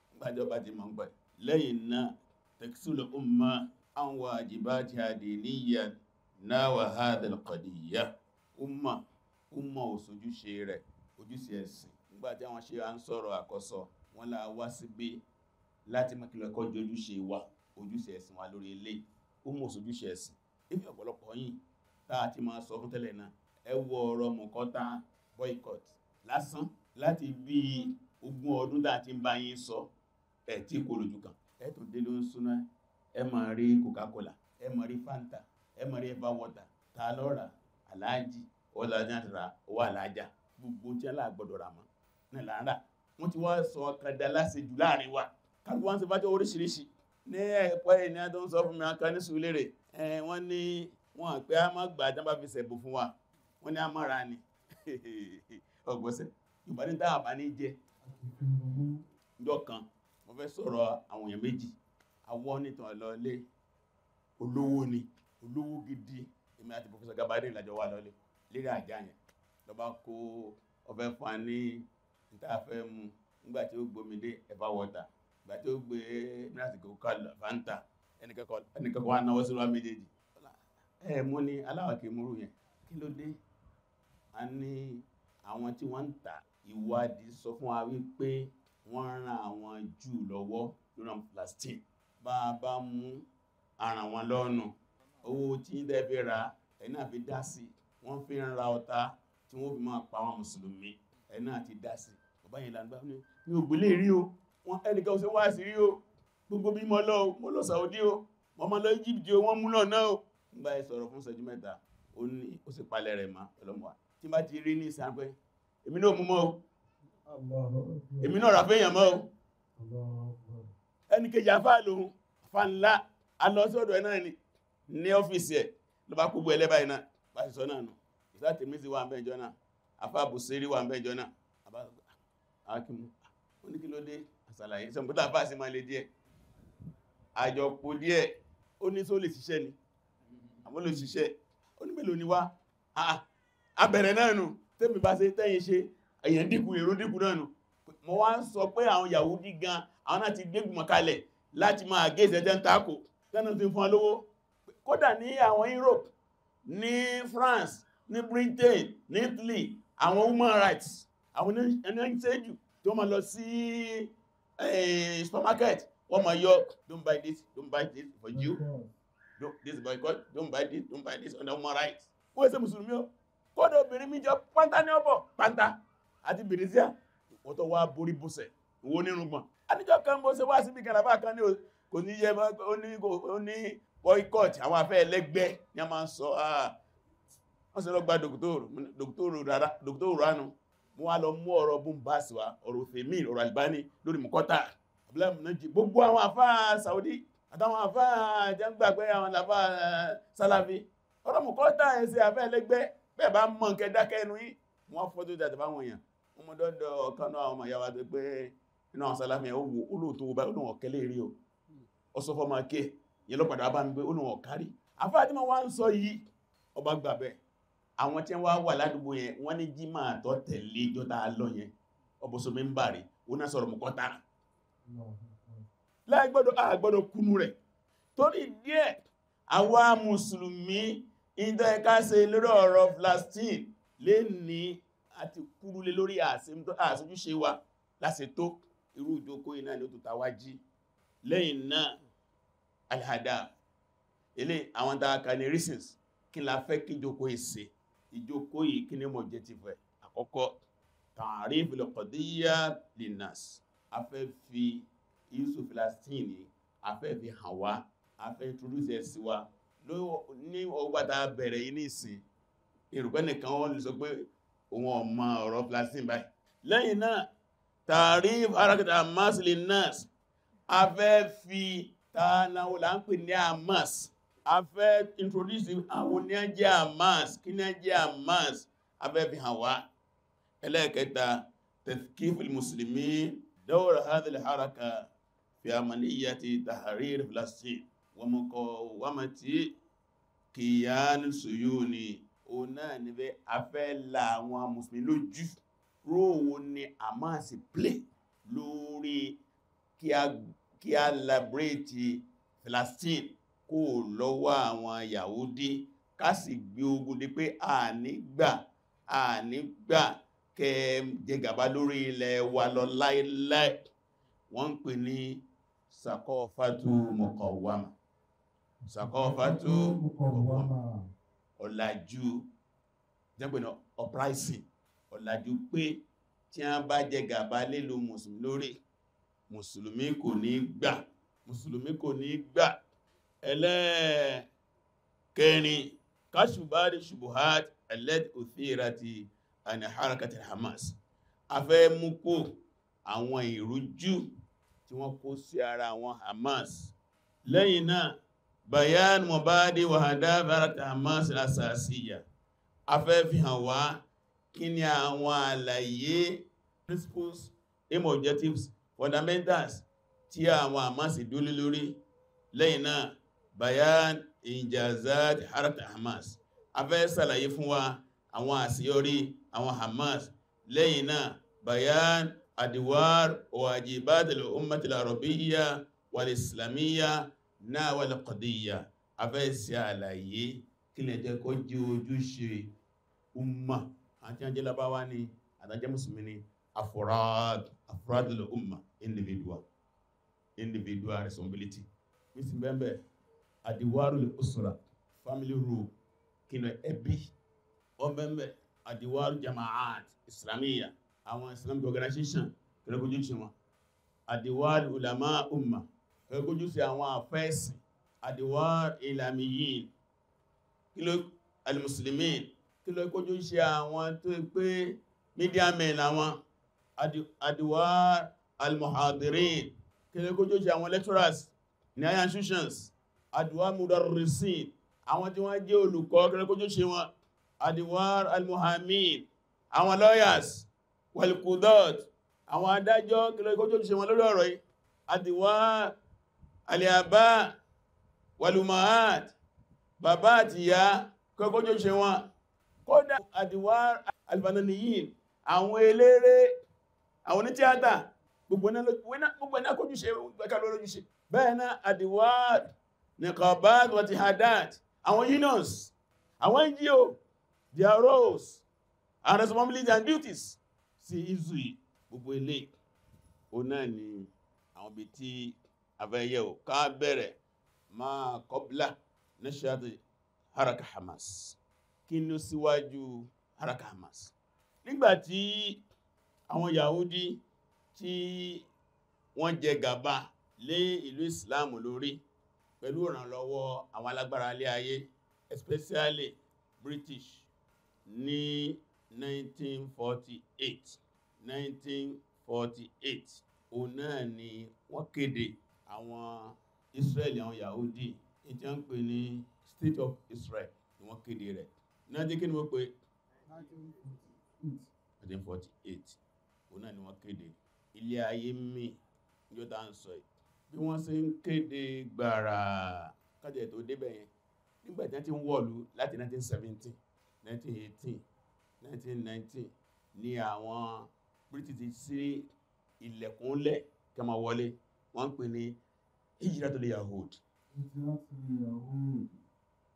bàjọba ti mọ̀ ń pẹ̀ lẹ́yìn náà tẹ̀kísùlù umma an wajibati àdìníyà náà wà hádàl qadiyya umma umma ụmụ sojúṣe rẹ̀ ojúṣe ẹ̀sìn nígbàtí àwọn ṣe à ń sọ̀rọ̀ àkọ́sọ wọn la wá síbí láti mọ́kílẹ̀kọ́ jojúṣe wa ojúṣe ẹ̀sìn wa lórí ilé ẹ̀sìn ọ̀pọ̀lọpọ̀ yìí sọ fún tẹ́lẹ̀ náà ẹ ọ̀rọ̀ boycott lásán láti ogún ọdún sọ ẹ̀ tí kò lójú kan ẹ tó dé ló ń súná ẹ máa rí coca-cola ẹ máa rí fanta ẹ máa rí ẹba water ta lọ́ra aláàjì ọlọ́dún àtàrà owó aláàjà gbogbo tí wọ́n gbọ́dọ̀ rà mọ́ ti wa wọ́n ti bá jọ oríṣiríṣi ní tó ń sọ fún mi aka ní sùúlérè wọ́n ní àpẹ́ a máa gbà fún wa wọ́n ní a máa ra ni ọgbọ́sẹ̀ ìjọ kan mo fẹ́ sọ̀rọ̀ àwọn èèyàn méjì awọ́ nítan ọlọ́lé olówó ni olówó gidi èmi àti Professor Gabade ìlàjọ wà lọ́lé lérí àjá yẹn lọ́bá kó ọfẹ́ fún ní ìtafẹ́ mu nígbàtí ó gbomidé ẹ̀fà water ìgbàtí ó gbé mìíràtì kò kọlù fanta ẹnikẹ́kọ̀ọ́ wá náwọ́ sí lọ́wọ́ méjèèjì ẹ̀ mú ní aláwàkí múrù yẹn kí ló dé a ní àwọn tí wọ́n ń ta ìwádìí sọ fún wa wípé wọ́n ran àwọn jù lọ́wọ́ lórí àwọn Palestine bá bá mú ara wọn lọ́nà owó tí ń dẹ́fẹ́ ra ẹ̀yin náà fi dá sí wọ́n fi ń ra ọta tí wọ́n fi máa pa àwọn mùsùlùmí ẹ̀yin náà ti dá sí bàbá yìí lànà ní mi ò gbélé rí o wọ́n ẹnìkan ṣe wá sí rí o gbogbo bí mo lọ mo lọ Saudi o mo máa lọ Egypt o wọ́n mú lọ náà o nígbà ẹ sọ̀rọ̀ fún ìṣẹ́jú mẹ́ta ó ní ó sì palẹ̀ rẹ̀ mọ́ ọlọ́mọ tí bá ti rí ní ìsàpẹ́ èmi náà mú mọ́ o èmi náà rà fẹ́yàn mọ́ ẹni kejì afá lòun fanlá alọ́sọ́dọ̀ ẹ̀nà ni ní ọ́fíìsì ẹ̀ ló bá kúgbọ́ ẹlẹ́bà iná bá ṣe sọ náà nù ìsáàtì mí sí wà bẹ́ẹ̀ jọ náà afá bùsírí wà bẹ́ẹ̀ jọ náà akímú ó ní kí ló dé àṣàlàyé sọmpútà afá sí máa lè díẹ̀ àjọpò díẹ̀ ó ní tó lè ṣiṣẹ́ ni àmọ́ lè ṣiṣẹ́ ó ní mélòó ni wá náà nù tẹ́mi bá ṣe tẹ́yìn ṣe èyàn dínkù èrò dínkù náà nù mo wá ń sọ pé àwọn Yahudi gan àwọn àti gbégbùmọ̀ kalẹ̀ láti máa gé ìsẹ̀jẹ́ ń tako lẹ́nu ti fún olówó kódà ní àwọn Europe ní France ní Britain ní Italy àwọn human rights àwọn ẹnìyànjẹ́jù tó máa lọ sí eh, supermarket wọ́n máa yọ don't buy this don't buy this for you don't, this boycott don't buy this don't buy this under human rights wọ́n ṣe mùsùlùmí ó kódà obìnrin mi jọ pátá ní ọ̀bọ̀ pátá àti bèrèsíà wọ́n tó wá borí bóṣẹ̀ owó nínú gbọ̀n àníjọ́ kan bóṣẹ̀ wá síbi kàràbà kan ní kò ní yẹ ó ní boycott àwọn afẹ́ ẹlẹ́gbẹ́ ni a máa ń sọ ah, wọ́n sì lọ gba dòktóòrò ránú mo wá lọ mú ọ̀rọ̀ búmbásí wa Saudi àtàwọn afá jẹ́gbàgbẹ́ àwọn àfá Salafi ọ̀rọ̀ mọ̀kọ́ta ẹ̀sẹ̀ afẹ́ ẹlẹ́gbẹ́ bẹ́ẹ̀ bá mọ̀ kẹ́dákẹ́ ẹnu yí wọ́n fọ́jú jàtàbáwọn èèyàn ọmọdọ́dọ̀ ọ̀kan náà ọmọ ìyàwó àti pé iná ọ̀sálàmì ẹ̀wò olóòtò ọba olóòwọ̀n kẹlẹ̀ rí o ó sọ fọ́mọ ké yẹ lọ́pàdà bá ń gbé olóòwọ̀n kárí afẹ́ àti ma wá ń sọ yìí ọba gbàbẹ̀ àwọn tí wọ́n jọta lọ àti kúrúlé lórí àṣojúṣe wa láṣe tó irú ìjókó iná ni ó tuta wá jí lẹ́yìn náà alhada ilé àwọn tààkà ní reasons kí la fẹ́ kí ìjókó ìse ìjókó yìí kí ní mọ̀ jẹ́ ti fẹ́ àkọ́kọ́ Filastini a fẹ́ fi hàn wá a fẹ́ introduce ẹ̀ sí wa ní ọgbàtà bẹ̀rẹ̀ ìrùgbẹ́nìkan wọ́n lè sọ pé òun ọmọ ọ̀rọ̀ flasin báyìí lẹ́yìn náà tarif harakata amas lè nas a fẹ́ fi tààlàwò là ń pè ní amas a fẹ́ introduce àwọn ní a jẹ́ amas kí ní a jẹ́ amas a fẹ́ fi hàn wá ẹlẹ́ẹ̀kẹta tẹ̀kífìl musulmi dawra hadhihi haraka fi amaliyati tahrir flasin wa muqawamati qiyan suyuni òun náà ni pé a fẹ́ la àwọn mùsùlùmí lójú róòwò ni Hamas play lórí kí a labireti Palestine kó lọ́wọ́ àwọn Yahudi ká sì gbé ogun di pé a ní gbà a ní gbà kẹ jẹgàba lórí ilẹ̀ wa lọ láìláì wọ́n ń pè ní sakọ́fàtú mọ̀kọ̀wàmà sakọ́fàtú mọ̀kọ̀wàmà ọ̀làjú jẹ́pẹ̀nà ọ̀práìsì ọ̀làjú pé tí a bá jẹ gàba lélo mùsùlùmí lórí mùsùlùmí kò ní gbà mùsùlùmí kò ní gbà ẹlẹ́ẹ̀kẹrin káṣùbárí ṣubuhat alẹ́d òfíra ti àni hamas a fẹ́ mú kó àwọn ìrújú tí wọ́n kó sí ara àwọn hamas lẹ́yìn náà bayan mọ̀báde wàhádá bárata hamas asasiya afẹ́ fi hàn wá kí ni àwọn àlàyé principles aim objectives fundamentals tí àwọn hamas dúlé lórí lẹ́yìn náà bayan injazat harata hamas afẹ́ sàlàyé fún wa àwọn àṣeyọrí àwọn hamas lẹ́yìn náà bayan adiwar wajibat al-ummatil wal islamiyya náà wà lọ́kọ̀díyà afẹ́sẹ̀ àlàyé kí lè jẹ́ kó jẹ́ ojúṣe umma àti àjẹ́ labawa ni àtàjẹ́ musulmi ni afurad afurad lè umma individual individual responsibility misi bẹ́ẹ̀ àdíwárù lè usra family rule kí lè ẹbí ọbẹ̀mẹ̀ àdíwárù jamaat islamiyya àwọn islamic organization kí lè kó jẹ́ ojúṣe wọn àdíwárù ulama umma ẹgbójú sí àwọn àfẹ́ẹ̀sì àdíwá ìlàmìyìn kílò alìmùsùlùmín kílò ìkójú sí àwọn tó pé media men àwọn àdíwá alìmùhàdìrín kílò ìkójú sí àwọn lecturers ní àyà institutions àdíwá mudarrisin àwọn tí wọ́n jẹ́ olùkọ́ kílò ìkójú sí wọn àdíwá alìmùhàmín àwọn lawyers wal qudot àwọn adájọ́ kílò ìkójú sí wọn lórí ọ̀rọ̀ yìí àdíwá Aliaba wàlùmáàt bàbá àti ìyá kọ́kọ́jọ́ ṣe wọn kódà àdìwá albananiyin àwọn eléré àwọn ní tíátà gbogbo náà kójú ṣe gbẹ́kàlórójú ṣe bẹ́ẹ̀ náà àdìwá nìkọ̀bát wàtí haddad àwọn unions àwọn ngo their roles and responsibilities and duties sí izu gbogbo ilé o náà ni àwọn bí tí àfẹ́yẹ̀wò ká bẹ̀rẹ̀ máa kọ́bílá ní ṣáàtì haraka hamas kí ní síwájú haraka hamas nígbàtí àwọn yahudi tí wọ́n jẹ gàba lé ìlú islam lórí pẹ̀lú ìrànlọ́wọ́ àwọn alágbára alé ayé especially british ní 1948 1948 òun náà ni wọ́n kéde àwọn Israel àwọn Yahudi ní tí ń pè ní State of Israel ni wọ́n kéde rẹ̀ náàjẹ́ kí ni wọ́n pè 1948 òun náà ni wọ́n kéde ilé ayé mi níjọ́ tá ń sọ bí wọ́n ṣe ń kéde gbàrà kájẹ̀ tó débẹ̀ yẹn nígbàtí wọ́n ti ń wọ̀lú láti 1917 1918 1919 ni àwọn British ti ṣí ilẹ̀kùnlẹ̀ kẹmọ wọlé wọ́n ń pè ní hijiratul yahud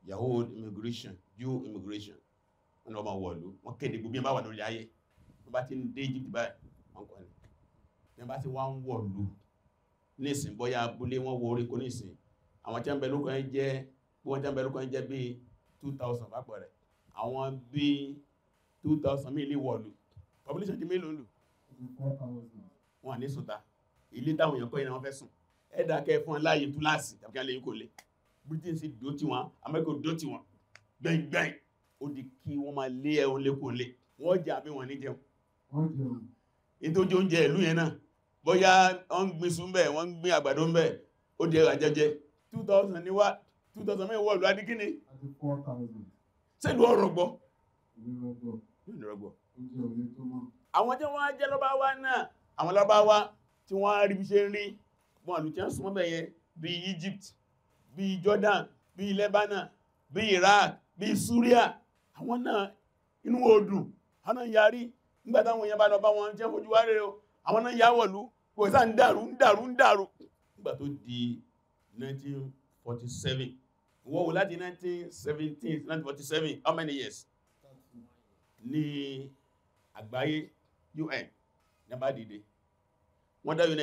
yahud immigration jew immigration wọ́n ní ọmọ wọ̀lú wọ́n kéde gbogbo yẹn bá wà lórí ayé wọ́n bá ti ń dé Egypt báyìí wọ́n kọ́ ni yẹn bá ti wá ń wọ̀lú nísìn bóyá abúlé wọ́n wọ oríko nísìn àwọn tí wọ́n bẹ lóko yẹn jẹ́ wọ́n tí wọ́n bẹ lóko jẹ́ bíi 2000 bápọ̀ rẹ̀ àwọn bíi 2000 mílí wọ̀lú population ti mélòó lù wọ́n ní sùta ilé táwọn èèyàn kọ́ ìran fẹ́ sùn ẹ̀dà kẹ́ fún aláyé túláàsì tàbí alẹ́ yíkò lé britain sì dó tí wọn amẹ́kò dó tí wọn gbẹ̀ngbẹ̀ng ó di kí wọ́n máa lé ẹ̀hún lékò lé wọ́n jẹ́ àbí wọn ní jẹun nítorí oúnjẹ ìlú yẹn náà bóyá wọ́n ń gbin sún bẹ́ẹ̀ wọ́n ń gbin àgbàdo ń ó di ẹ̀rọ àjẹjẹ 2000 ni wá 2000 mẹ́wọ́ ìlú adíkíní sẹ́lú ọ̀rọ̀gbọ́ àwọn jẹ́ wọ́n á jẹ́ lọ́bá àwọn tí wọ́n rí bí ṣe ń rí wọn àlùtí ń súnmọ́ bẹ̀yẹ bí Egypt bí Jordan bí Lebanon bí Iraq bí Syria àwọn náà inú odù àwọn náà yarí nígbàtà èèyàn bá lọ bá wọn jẹ́ fojú wá rẹ̀ àwọn náà yáwọ̀lú kò sá ń dàrú ń dàrú ń dàrú nígbà tó di 1947 wọ́n láti 1917 1947 how many years ní àgbáyé UN ní dìde wọ́n dá UN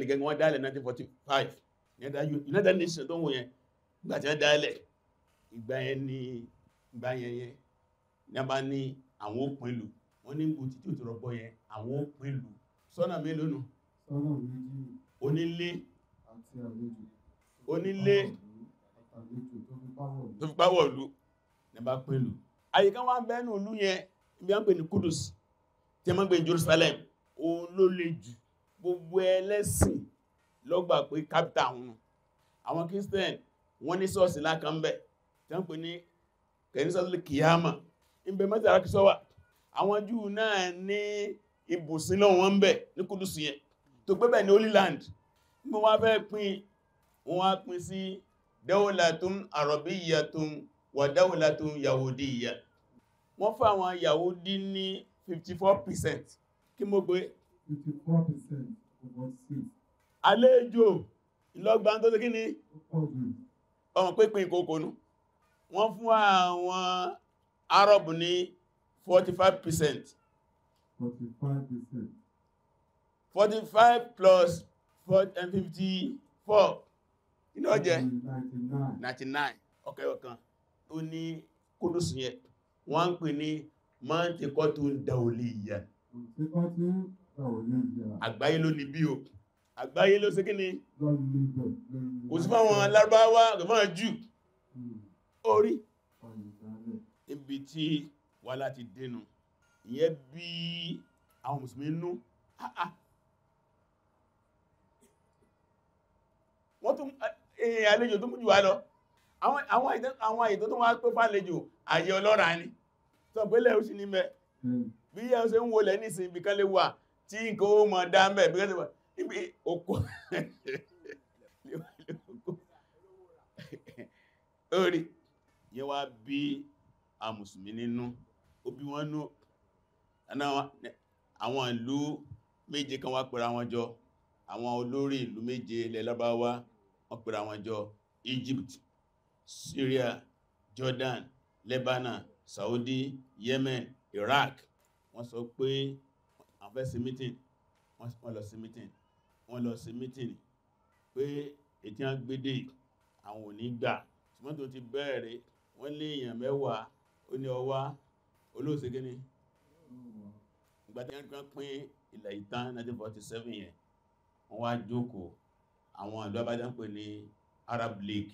gẹ́gẹ́ wọ́n dálẹ̀ 1945 United Nations tó ń wò yẹn ìgbà tí wọ́n dálẹ̀ ìgbà ni ìgbà yẹn yẹn ní a bá ní àwọn òpin ìlú wọ́n ní gbò títí òtò rọ̀gbọ́ yẹn àwọn òpin ìlú sọ́nà mélòó nù onílé onílé tó fi páwọ̀ ìlú ní a bá pín tí a máa ń Jerusalem òun ló le jù gbogbo ẹlẹ́sìn ló gbà pé kápítà wọn àwọn Christian wọ́n ní sọ́ọ̀sì lákàmbẹ̀ tí wọ́n pè ní kẹrìsọ́sì kìyàmà ìbẹ̀ mẹ́ta ara kìsọ́wà àwọn Júù náà ní ibùsìn lọ wọ́n bẹ̀ ní Kúdùsù yẹn tó pẹ́ bẹ̀ ní Holy Land mo wá fẹ́ pín wọ́n wá pín sí dawlatun arabiyyatun wa dawlatun yahudiyya wọ́n fún àwọn Yahudi ní 54% kí mo gbé fifty four percent over six. àlejò ìlọgba tó ṣe kí ni ọmọ pínpín ìkókò nù wọ́n fún àwọn Arab ní 45 percent. 45 percent. forty plus fifty four inú ọjẹ́ 99 ọkẹ́ ọ̀kan tó ní kúrùsù yẹ wọ́n ń pè ní mọ́ntíkọ́tù dáolíyà mọ́ntíkọ́tù àgbáyé ló ní bí o àgbáyé ló ṣe kí ni kò sí fáwọn alárúbáwá àgbàmáà jù orí ibi tí wà láti dénú ìyẹn bí àwọn mùsùlùmí nú àà ah, ah. wọ́n tún èyàn eh, eh, àlejò tó mújú wá lọ àwọn àìtọ́ tó wá pé fàlejò àyẹ ọlọ́ra ni tó pẹ́lẹ̀ ní mẹ́ hmm. bí yẹ́ ṣe ń wọlẹ̀ nísìn ibi kan lè wà tí nǹkan ó mọ̀ dá mẹ́ bí gẹ́sẹ̀ níbi okó orí wa bí a nínú bí wọ́n àwọn ìlú méje kan wá pẹ̀rẹ̀ àwọn jọ àwọn olórí ìlú méje ilẹ̀ wọ́n pẹ̀rẹ̀ àwọn jọ Egypt Syria Jordan Lebanon Saudi Yemen Iraq wọ́n sọ pé fẹ́ sí mítìn wọ́n lọ sí meeting. wọ́n lọ sí mítìn pé ètí wọ́n gbédè àwọn ò ní gbà ṣùgbọ́n tó ti bẹ̀rẹ̀ wọ́n lé èèyàn mẹ́wàá ó ní ọwá olóòsè gíní ìgbà tí wọ́n pín ilẹ̀ ìtàn 1947 yẹn wọ́n wá jókòó àwọn ìlú abájá ń pè ní Arab League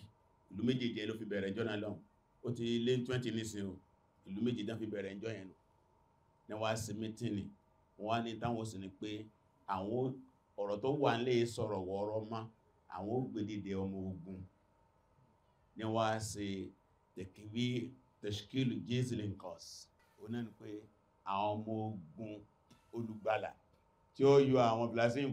ìlú méjèèjì ló fi bẹ̀rẹ̀ jọ́nà lọ́n ó ti lé 20 nísìn ìlú méjèèjì fi bẹ̀rẹ̀ jọ́ yẹn lọ ni wá sí mítìnì wọ́n ní táwọn sì ni pé àwọn ọ̀rọ̀ tó wà ń lè sọ̀rọ̀ wọ́ọ́rọ́ má àwọn ó gbé dìde ọmọ ogun ní wá ṣe tẹ̀kìrí tẹ̀ṣkìlù jésìlìn kọ́s ó náà ni pé àwọn ọmọ ogun olùgbàlà tí ó yọ àwọn blasin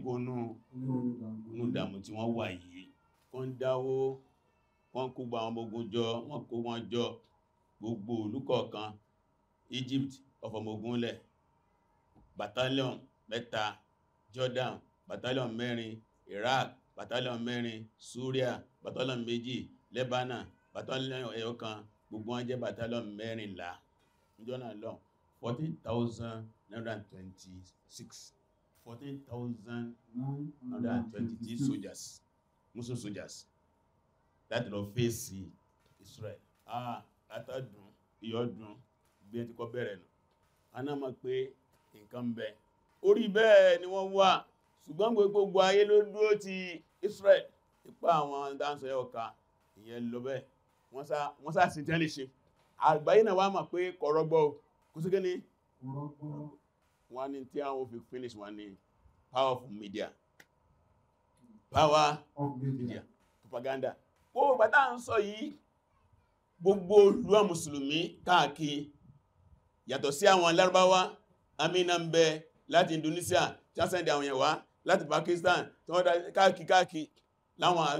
battalion mẹ́ta Jordan battalion mẹ́rin Iraq battalion mẹ́rin Syria battalion méjì Lebanon battalion ẹyọkan gbogbo wọn jẹ́ battalion mẹ́rìnlá jọ́nà lọ 14,926 14,926 soldiers Muslim soldiers láti lọ fèsì Israel ah látàdùn ìyọ́dún bí ẹ ti kọ́ bẹ̀rẹ̀ nù a náà mọ̀ pé nǹkan bẹ orí bẹ́ẹ̀ ni wọ́n wà ṣùgbọ́n gbogbo ayé ló dúró ti Israel ipá àwọn dáńsọ̀ ọ̀ka ìyẹn lọ bẹ́ẹ̀ wọ́n sá sí tẹ́lẹ̀ ṣe àgbáyé náà wá mọ̀ pé kọ̀rọ̀gbọ́ kú sí kíní wọ́n ni tí àwọn fi finish wọ́n ni power of media power of media propaganda gbogbo bàtà ń sọ yìí gbogbo olúwa mùsùlùmí káàkiri yàtọ̀ sí àwọn lárúbáwá amina ń bẹ láti Indonesia chasende àwọn yẹn wá láti Pakistan tí wọ́n dá káàkì káàkì láwọn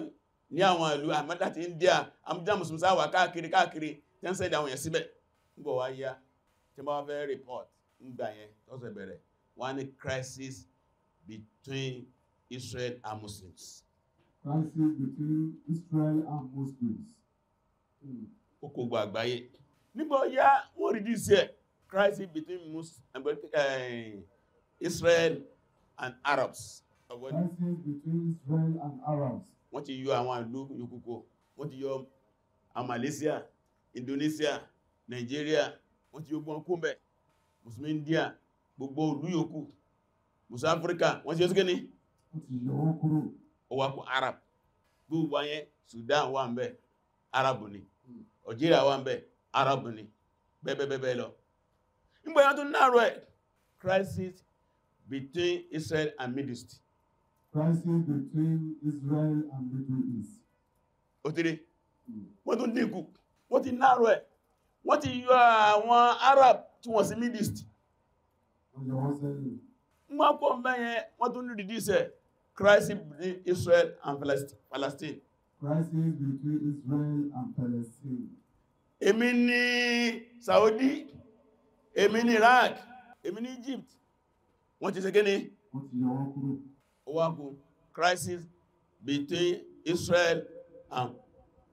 ní àwọn ìlú àmọ́dáti India amúdá musulmi sáwà káàkiri káàkiri tí ń sẹ́dẹ̀ àwọn yẹn síbẹ̀ ń bọ̀ wá yá tí wọ́n fẹ́ report ń gbà yẹn tọ́sẹ̀ bẹ̀rẹ̀ wọ́n crisis between Israel and Muslims crisis between Israel and Muslims ó kò gbà àgbáyé níbọ̀ yá wọ́n rí díṣẹ́ crisis between Mus uh, Israel and Arabs. Crisis between Israel and Arabs. Wọ́n ti yọ àwọn ìlú yòókùkù, wọ́n ti yọ àwọn Malaysia, Indonesia, Nigeria, What you ti yọ gbọ́n kúnbẹ̀, Mùsùlùmí India, gbogbo ìlú yòókù, Mùsùlùmí Africa, wọ́n ti yọ sí kíní? Wọ́n ti yọ wọ́n kúrò. Ó wá kú Arab. Gbogbo ayẹ́ Sudan wà ń bẹ̀, Arab ni. Hmm. Algeria wà ń bẹ̀, Arab ni. Bẹ́ẹ̀bẹ́ẹ̀bẹ́ lọ nígbà yá tó náàrọ̀ ẹ̀ crisis between Israel and Middle East crisis between Israel and Middle East ó tẹ́lẹ̀ hmm. wọ́n tó dínkù wọ́n ti náàrọ̀ ẹ̀ wọ́n ti yọ àwọn Arab tí wọ́n sí Middle East wọ́n kọ́ mẹ́yẹn wọ́n tó ní reduce crisis between Israel and Palestine crisis between Israel and Palestine èmi ní Saudi èmi ní Iraq èmi ní Egypt wọ́n ti ṣe kí ni owagun crisis between Israel and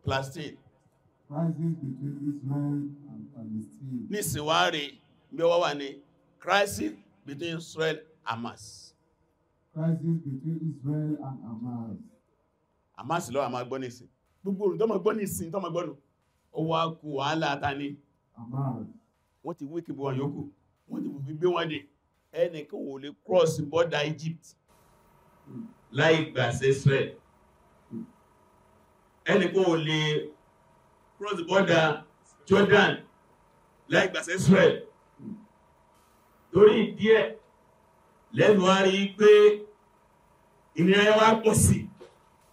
Palestine crisis between Israel and Palestine ní síwárí bí wà ní crisis between Israel and Hamas crisis between Israel and Hamas Hamas lọ́wọ́ àmà gbọ́ nìsìn gbogbo olùdọ́mọ̀ gbọ́ nìsìn tọ́mọ̀ gbọ́nù ó wàhálà ta Hamas wọ́n ti wíkì bọ́ yókù wọ́n ti fi gbé wọ́n dé ẹnìkan ò lè cross border Egypt láì gbàṣẹ Israel ẹnìkan ò lè cross border Jordan láì gbàṣẹ Israel torí díẹ̀ lẹ́nu wá rí pé ìnira yẹn wá pọ̀ sí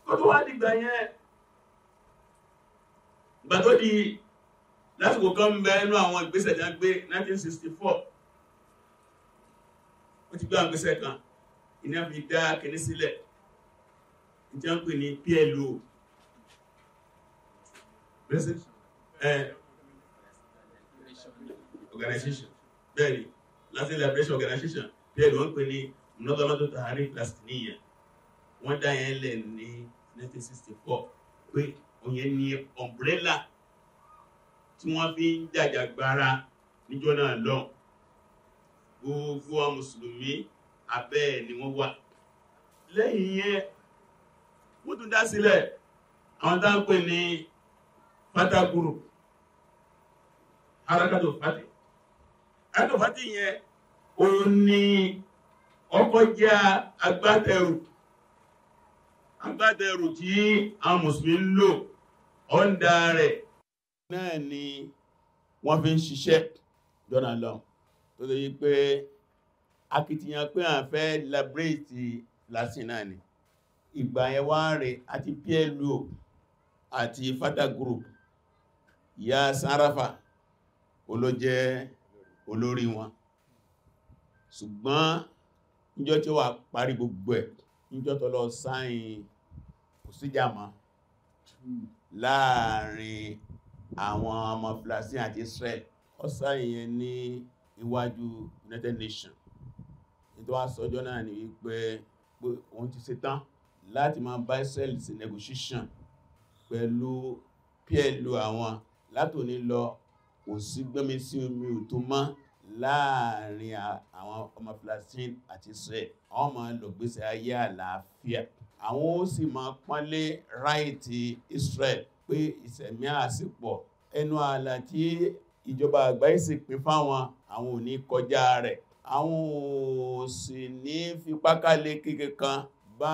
kó tó wá dìgbà yẹn ìgbà tó di lásìkò kan ń bẹ inú àwọn ìgbésẹ̀ tí wọ́n gbé 1964 wọ́n ti gbé àwọn ìgbésẹ̀ kan iná fi dá kìíní sílẹ̀ ìjọ ń pè ní PLO organization bẹ́ẹ̀ni Latin Liberation Organization PLO wọ́n pè ní mnogalọ́dọ̀ tààrí plastiniya wọ́n dá yẹn lẹ̀ ní 1964 pé òun yẹn ní umbrella tí wọ́n fi ń jàjàgbara níjọ́ náà lọ gbogbo àwọn mùsùlùmí abẹ́ ẹ̀ ni wọ́n wà lẹ́yìn yẹn wọ́n tún dá sílẹ̀ àwọn tá ń pè ní fata group fati harakato fati yẹn òun ni ọkọ̀ jẹ́ agbátẹrù agbátẹrù tí àwọn mùsùlùmí ń lò ọ̀ǹda rẹ̀ náà ni wọ́n fi ń ṣiṣẹ́ jọ́nà lọ tó lè yí pé akitiyan pé a ń fẹ́ labrèti lásìn náà ni ìgbà yẹn wá rẹ̀ àti PLO àti fata group ya Sarafa olójẹ́ olórí wọn ṣùgbọ́n níjọ́ tí ó wà parí gbogbo ẹ̀ níjọ́ tó lọ sáyìn kò láàrin àwọn ọmọ Palestine àti Israel ó sáyẹn ní iwájú United Nations nítorí wá sọ́jọ́ náà ni wípé wọ́n ti ṣetán láti máa bá Israel sí negotiation pẹ̀lú pẹ̀lú àwọn látòní lọ kò sí gbẹ́mí sí omi ò tó mọ́ láàrin àwọn ọmọ Palestine àti Israel àwọn máa lọ gbésẹ̀ ayé àlàáfíà àwọn ó sì máa pọ́nlé ráìtì Israel pé ìsẹ̀mí àsìpọ̀ ẹnu ààlà tí ìjọba àgbáyé sì pín fáwọn àwọn òní kọjá rẹ̀ àwọn ò ní fipákálé kíkẹ kan bá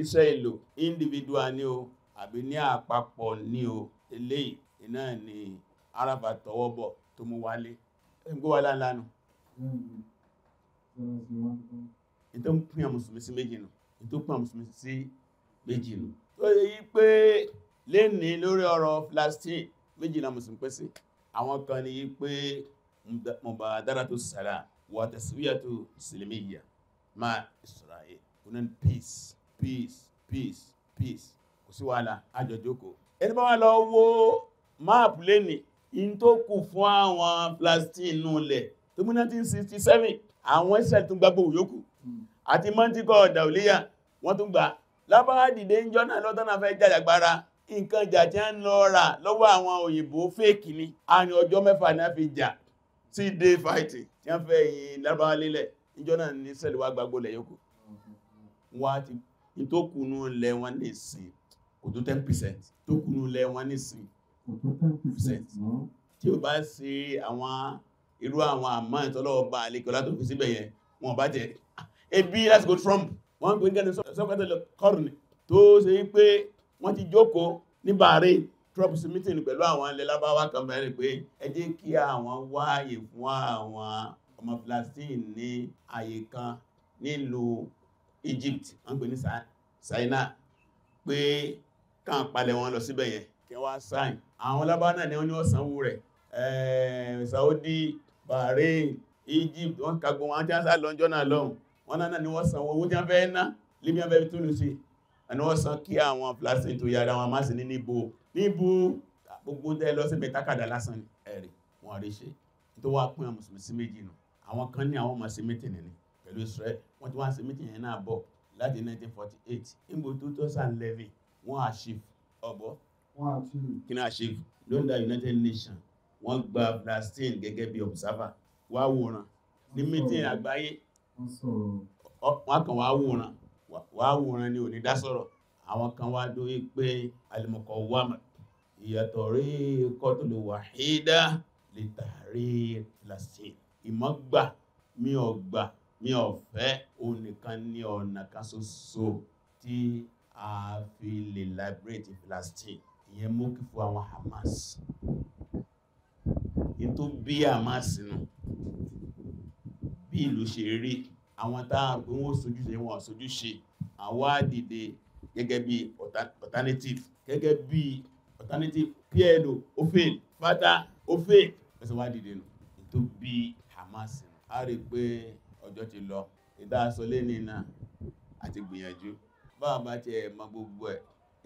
iṣẹ́ ìlò individual ni o àbí ní àpapọ̀ ni o eléyìí iná ni arábà tọwọ́bọ̀ tó mú wálé ẹgbẹ́ wà láàánú ìtọ́ pín àmùsùmí sí méjì nù tó yí pé lè ní lórí ọ̀rọ̀ Palestine méjìlá musulmi pèsè àwọn kan ní pé mubadaratu salam wa taswiyatu silmiya ma Israel kunan peace peace peace peace kò sí wàhálà àjọjókò ẹni bá wà lọ wo máàpù lẹ́ni in tó kù fún àwọn Palestine nù lẹ̀ tó mú 1967 àwọn Israel tún gbogbo yòókù àti mọ́ntíkọ̀ dàulíyà wọ́n tún gbà lábára dìde ń jọ́nà lọ́tọ́nà fẹ́ jàjàgbára nǹkan jà tí a ń lọ rà lọ́wọ́ àwọn òyìnbó fèkì ni a ní ọjọ́ mẹ́fà náà fi jà tí day fighting tí a ń fẹ́ yìí lábáwá lélẹ̀ ìjọ náà ní sẹ́lẹ̀wà gbogbo lẹ̀ yóò kù wọ́n ti ní tó kùnú lẹ̀ wọn ní ìsìn kò tó 10% tó kùnú lẹ̀ wọn ní ìsìn kò tó 10% tí ó bá ṣe àwọn irú àwọn àmá ìtọ́lọ́wọ́ bá alẹ́kọ̀ọ́ látò fi síbẹ̀ yẹn wọn bá jẹ́ ebi lásìkò Trump wọ́n ń pè ní gẹ́ni sọ́kọ́tẹ̀lẹ̀ kọrùn tó ṣe pé wọ́n ti jókòó ní Bahrain trumps meeting pẹ̀lú àwọn ilẹ̀ lábáwá kan bẹ̀rẹ̀ pé ẹ jẹ́ kí àwọn wáyè fún àwọn ọmọ Palestine ní àyè kan nílùú Egypt wọ́n pè ní Sinai pé kàn palẹ̀ wọn lọ síbẹ̀ yẹn kí wá sáìn àwọn lábáwá náà ni wọ́n ní ọ̀sánwó rẹ̀ Saudi Bahrain Egypt wọ́n kagbọn wọn tí wọ́n sá lọ́njọ́ náà lọ́hùn wọ́n náà ni wọ́n sanwó owó tí wọ́n fẹ́ ná Libya fẹ́ tó lù sí àni wọ́n san kí àwọn flaxseed tó yára wọn máa sì ní níbo níbo gbogbo tẹ́ lọ sí mẹ́tàkàdà lásán ẹ̀rì wọn rí ṣe tó wá pín àwọn mùsùlùmí sí méjì nù àwọn kan ní àwọn máa ṣe mítìnì ni pẹ̀lú Israel wọ́n ti wá ṣe mítìnì yẹn náà bọ̀ láti 1948 níbo tó tọ́ sàn lẹ́vì wọ́n àṣìf ọ̀bọ wọ́n kí náà àṣìf lọ́ndà United Nations wọ́n gba Palestine gẹ́gẹ́ bí observer wá wòran ní mítìnì àgbáyé wọ́n kàn wá wòran wà wòran ni ò ní dá àwọn kan wá dóyí pé alìmọ̀kọ̀ wà ìyàtọ̀ rí kọ́tù lè wà hídá lè tààrí lásì ìmọ́gbà mi ọgbà mi ọ̀fẹ́ onìkan ní ọ̀nà kan ṣoṣo tí a fi lè liberate Palestine ìyẹn mú kí fún àwọn Hamas ní bí Hamas nù bí ìlú ṣe rí àwọn táà pé wọ́n sojúṣe wọn sojúṣe àwa dìde gẹ́gẹ́ bí alternative gẹ́gẹ́ bí alternative plo ó fata ó fail ẹsẹ̀ wá dìde nù tó bí Hamas a rí pé ọjọ́ ti lọ ìdá aṣọ lẹ́ni náà àti gbìyànjú báàbá tí ẹ mọ gbogbo ẹ̀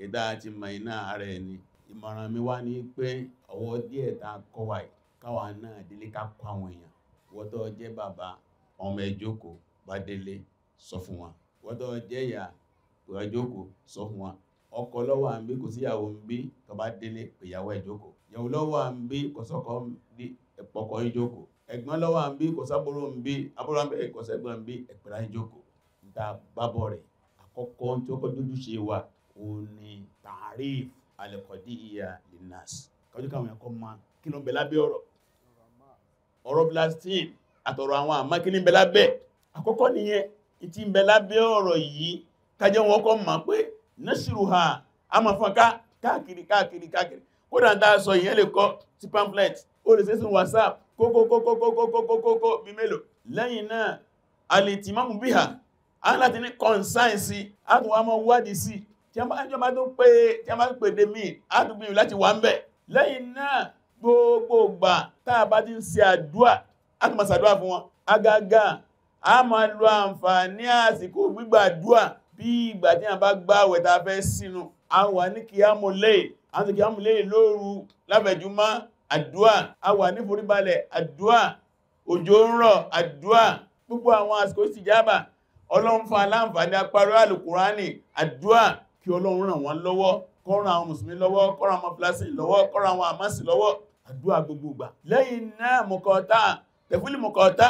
ìdá àti mọ̀ iná ara ẹni ìmọ̀ràn mi wá ní pé ọwọ́ díẹ̀ tá a kọ́ wa yìí káwa náà délé ká kọ́ àwọn èèyàn wọ́tọ́ jẹ́ bàbá ọmọ ẹjókòó bá sọ fún wa wọ́dọ̀ jẹ́ ìyà pẹ̀lú ìjókòó sọ fún wa ọkọ lọ́wọ́ à kò ń bí tó bá délé pèyàwó ìjókò ìyàwó lọ́wọ́ à kò ní ẹ̀pọ̀kọ ìjókò ẹ̀gbọ́n lọ́wọ́ kò ń bí abúrò kò sẹ́gbọ́n ń bí bábọ̀ rẹ̀ àkọ́kọ́ tí ó kọ́ òun ni linas kájú káwọn ma kí ló ń bẹ lábẹ́ ọ̀rọ̀ ọ̀rọ̀ àtọ̀rọ̀ àwọn àmá kí àkọ́kọ́ nìyẹn ìtí ń bẹ lábẹ́ ọ̀rọ̀ yìí kájẹ́ wọn kọ́ mọ̀ pé nẹ́sìrù ha a máa fọ́n káàkiri káàkiri káàkiri kódà ń sọ ìyẹn lè kọ́ sí pamphlet ó lè sẹ́sùn whatsapp kókókókókókókókó bí mélòó lẹ́yìn náà a lè ti máàmù bí ha a láti ní consáǹsì a tó wá mọ́ wádìí sí tí a máa tó pé tí a máa pè dé mí a tó gbìyànjú láti wà bá ti ń ṣe agaga a máa lo àǹfààní àsìkò gbígbàdúà bí ìgbà tí a bá gbààwẹ̀ tá fẹ́ sínú a wà ní kìyàmù lẹ́yìn a ti kìyàmù lẹ́yìn lóru lábẹ̀júmọ́ àdúà a wà ní foríbalẹ̀ àdúà òjò ń rọ̀ àdúà gbogbo àwọn àsìkò ìsìjábà ọlọ́run fa aláǹfààní apárọ́ alùkùránì àdúà kí ọlọ́run ràn wọ́n lọ́wọ́ tẹ̀fúlì mọ̀kọ̀ọ̀tá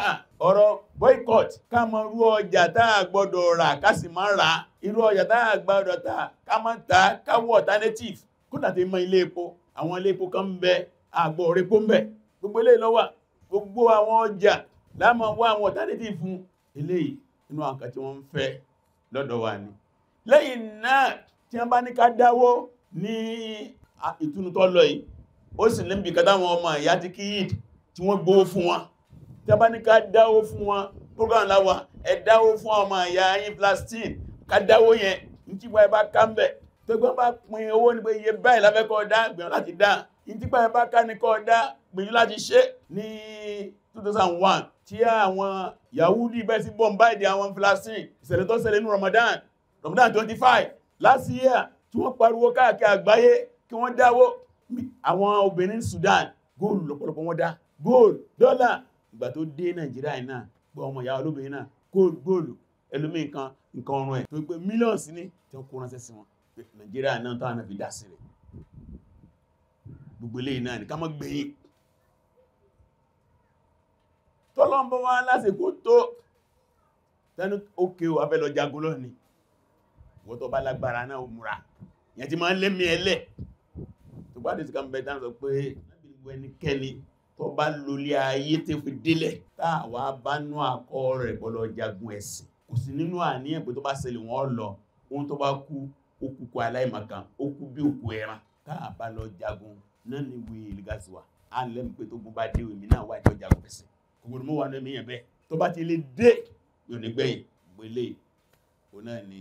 ọ̀rọ̀ boycott ká má rú ọjà táà gbọ́dọ̀ rà ká sì má rà irú ọjà táà gbọ́dọ̀ tà ká má tà ká wọ alternative kúnnà tí mọ ilé epo àwọn ilé epo kan ń bẹ àgbọ̀ orépo ń gbogbo ilé lọ́wà gbogbo àwọn ọjà láàmà wá àwọn alternative fún eléyìí inú ni lẹ́yìn náà tí wọ́n bá ní ká dáwó ní tí wọ́n gbówó fún wọn tẹ́bá ní ká dáwó fún wọn program láwa ẹ dáwó fún ọmọ ìyá yín plastin ká dáwó yẹn ìtìpa ẹ bá ká ń bẹ̀ tó gbọ́n bá pin owó ní pé iye báyìí láfẹ́kọ́ dá gbìyàn láti dá ìtìpa ẹ bá ká ní kọ́ dá gbìyàn láti ṣe ní 2001 tí àwọn Yahudi bẹ́ sí bọ́m̀báìdì àwọn plastin ìṣẹ̀lẹ̀ tó ṣẹlẹ̀ ní Ramadan Ramadan 25 last year tí wọ́n pariwo káàkiri àgbáyé kí wọ́n dáwó àwọn obìnrin Sudan gold. lọ́pọ̀lọpọ̀ wọ́n dá gold dollar ìgbà tó dé nàìjíríà náà gbọ́ ọmọ ìyá olóbìnrin náà góòlù góòlù ẹlòmí nǹkan nǹkan ọrùn ẹ̀ tó gbé mílíọ̀nù sí ní tí wọ́n kó ránṣẹ́ sí wọn nàìjíríà náà tó àná fi dá sí rẹ̀ gbogbo eléyìí náà ní ká mọ́ gbẹ̀yìn tọ́lọ́mbọ́ wá lásìkò tó tẹ́nu òkè ò abẹ́lọ jagun lónìí wọ́n tó bá lágbára náà ó múra ìyẹn ti máa ń lẹ́mí ẹlẹ́ tó bá dìsíkà ń bẹ̀ dáná sọ pé ẹnikẹ́ni tó bá lólé ayé tó fi délẹ̀ táàwà bá nú àkọ́ rẹ̀ bọ́lọ̀ jagun ẹ̀sìn kò sí nínú àníyàn pé tó bá ṣẹlẹ̀ wọ́n lọ ohun tó bá kú okùnkùn aláìmọ̀kan okú bí òkú ẹran táàbá lọ jagun náà ni wí ìlgásíwà á lẹ́mù pé tó gún bá dé èmi náà wà ìjọ jagun ẹ̀sìn kòkòrò mọ́ wà lẹ́mìyàn bẹ́ẹ̀ tó bá ti lè dé yóò ní gbẹ̀yìn gbélé òun náà ni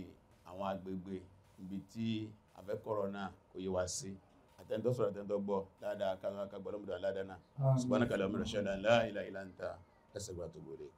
àwọn agbègbè ibi tí abẹ́kọ̀rọ̀ náà kò yé wa sí àtẹ́ntọ́ sọ̀rọ̀ àtẹ́ntọ́ gbọ́ dáadáa kagbọ́lọ́mùdó aládánà subhanaka lahumma rashada la ilaha illa anta ẹsẹ̀gbà tó gbòrè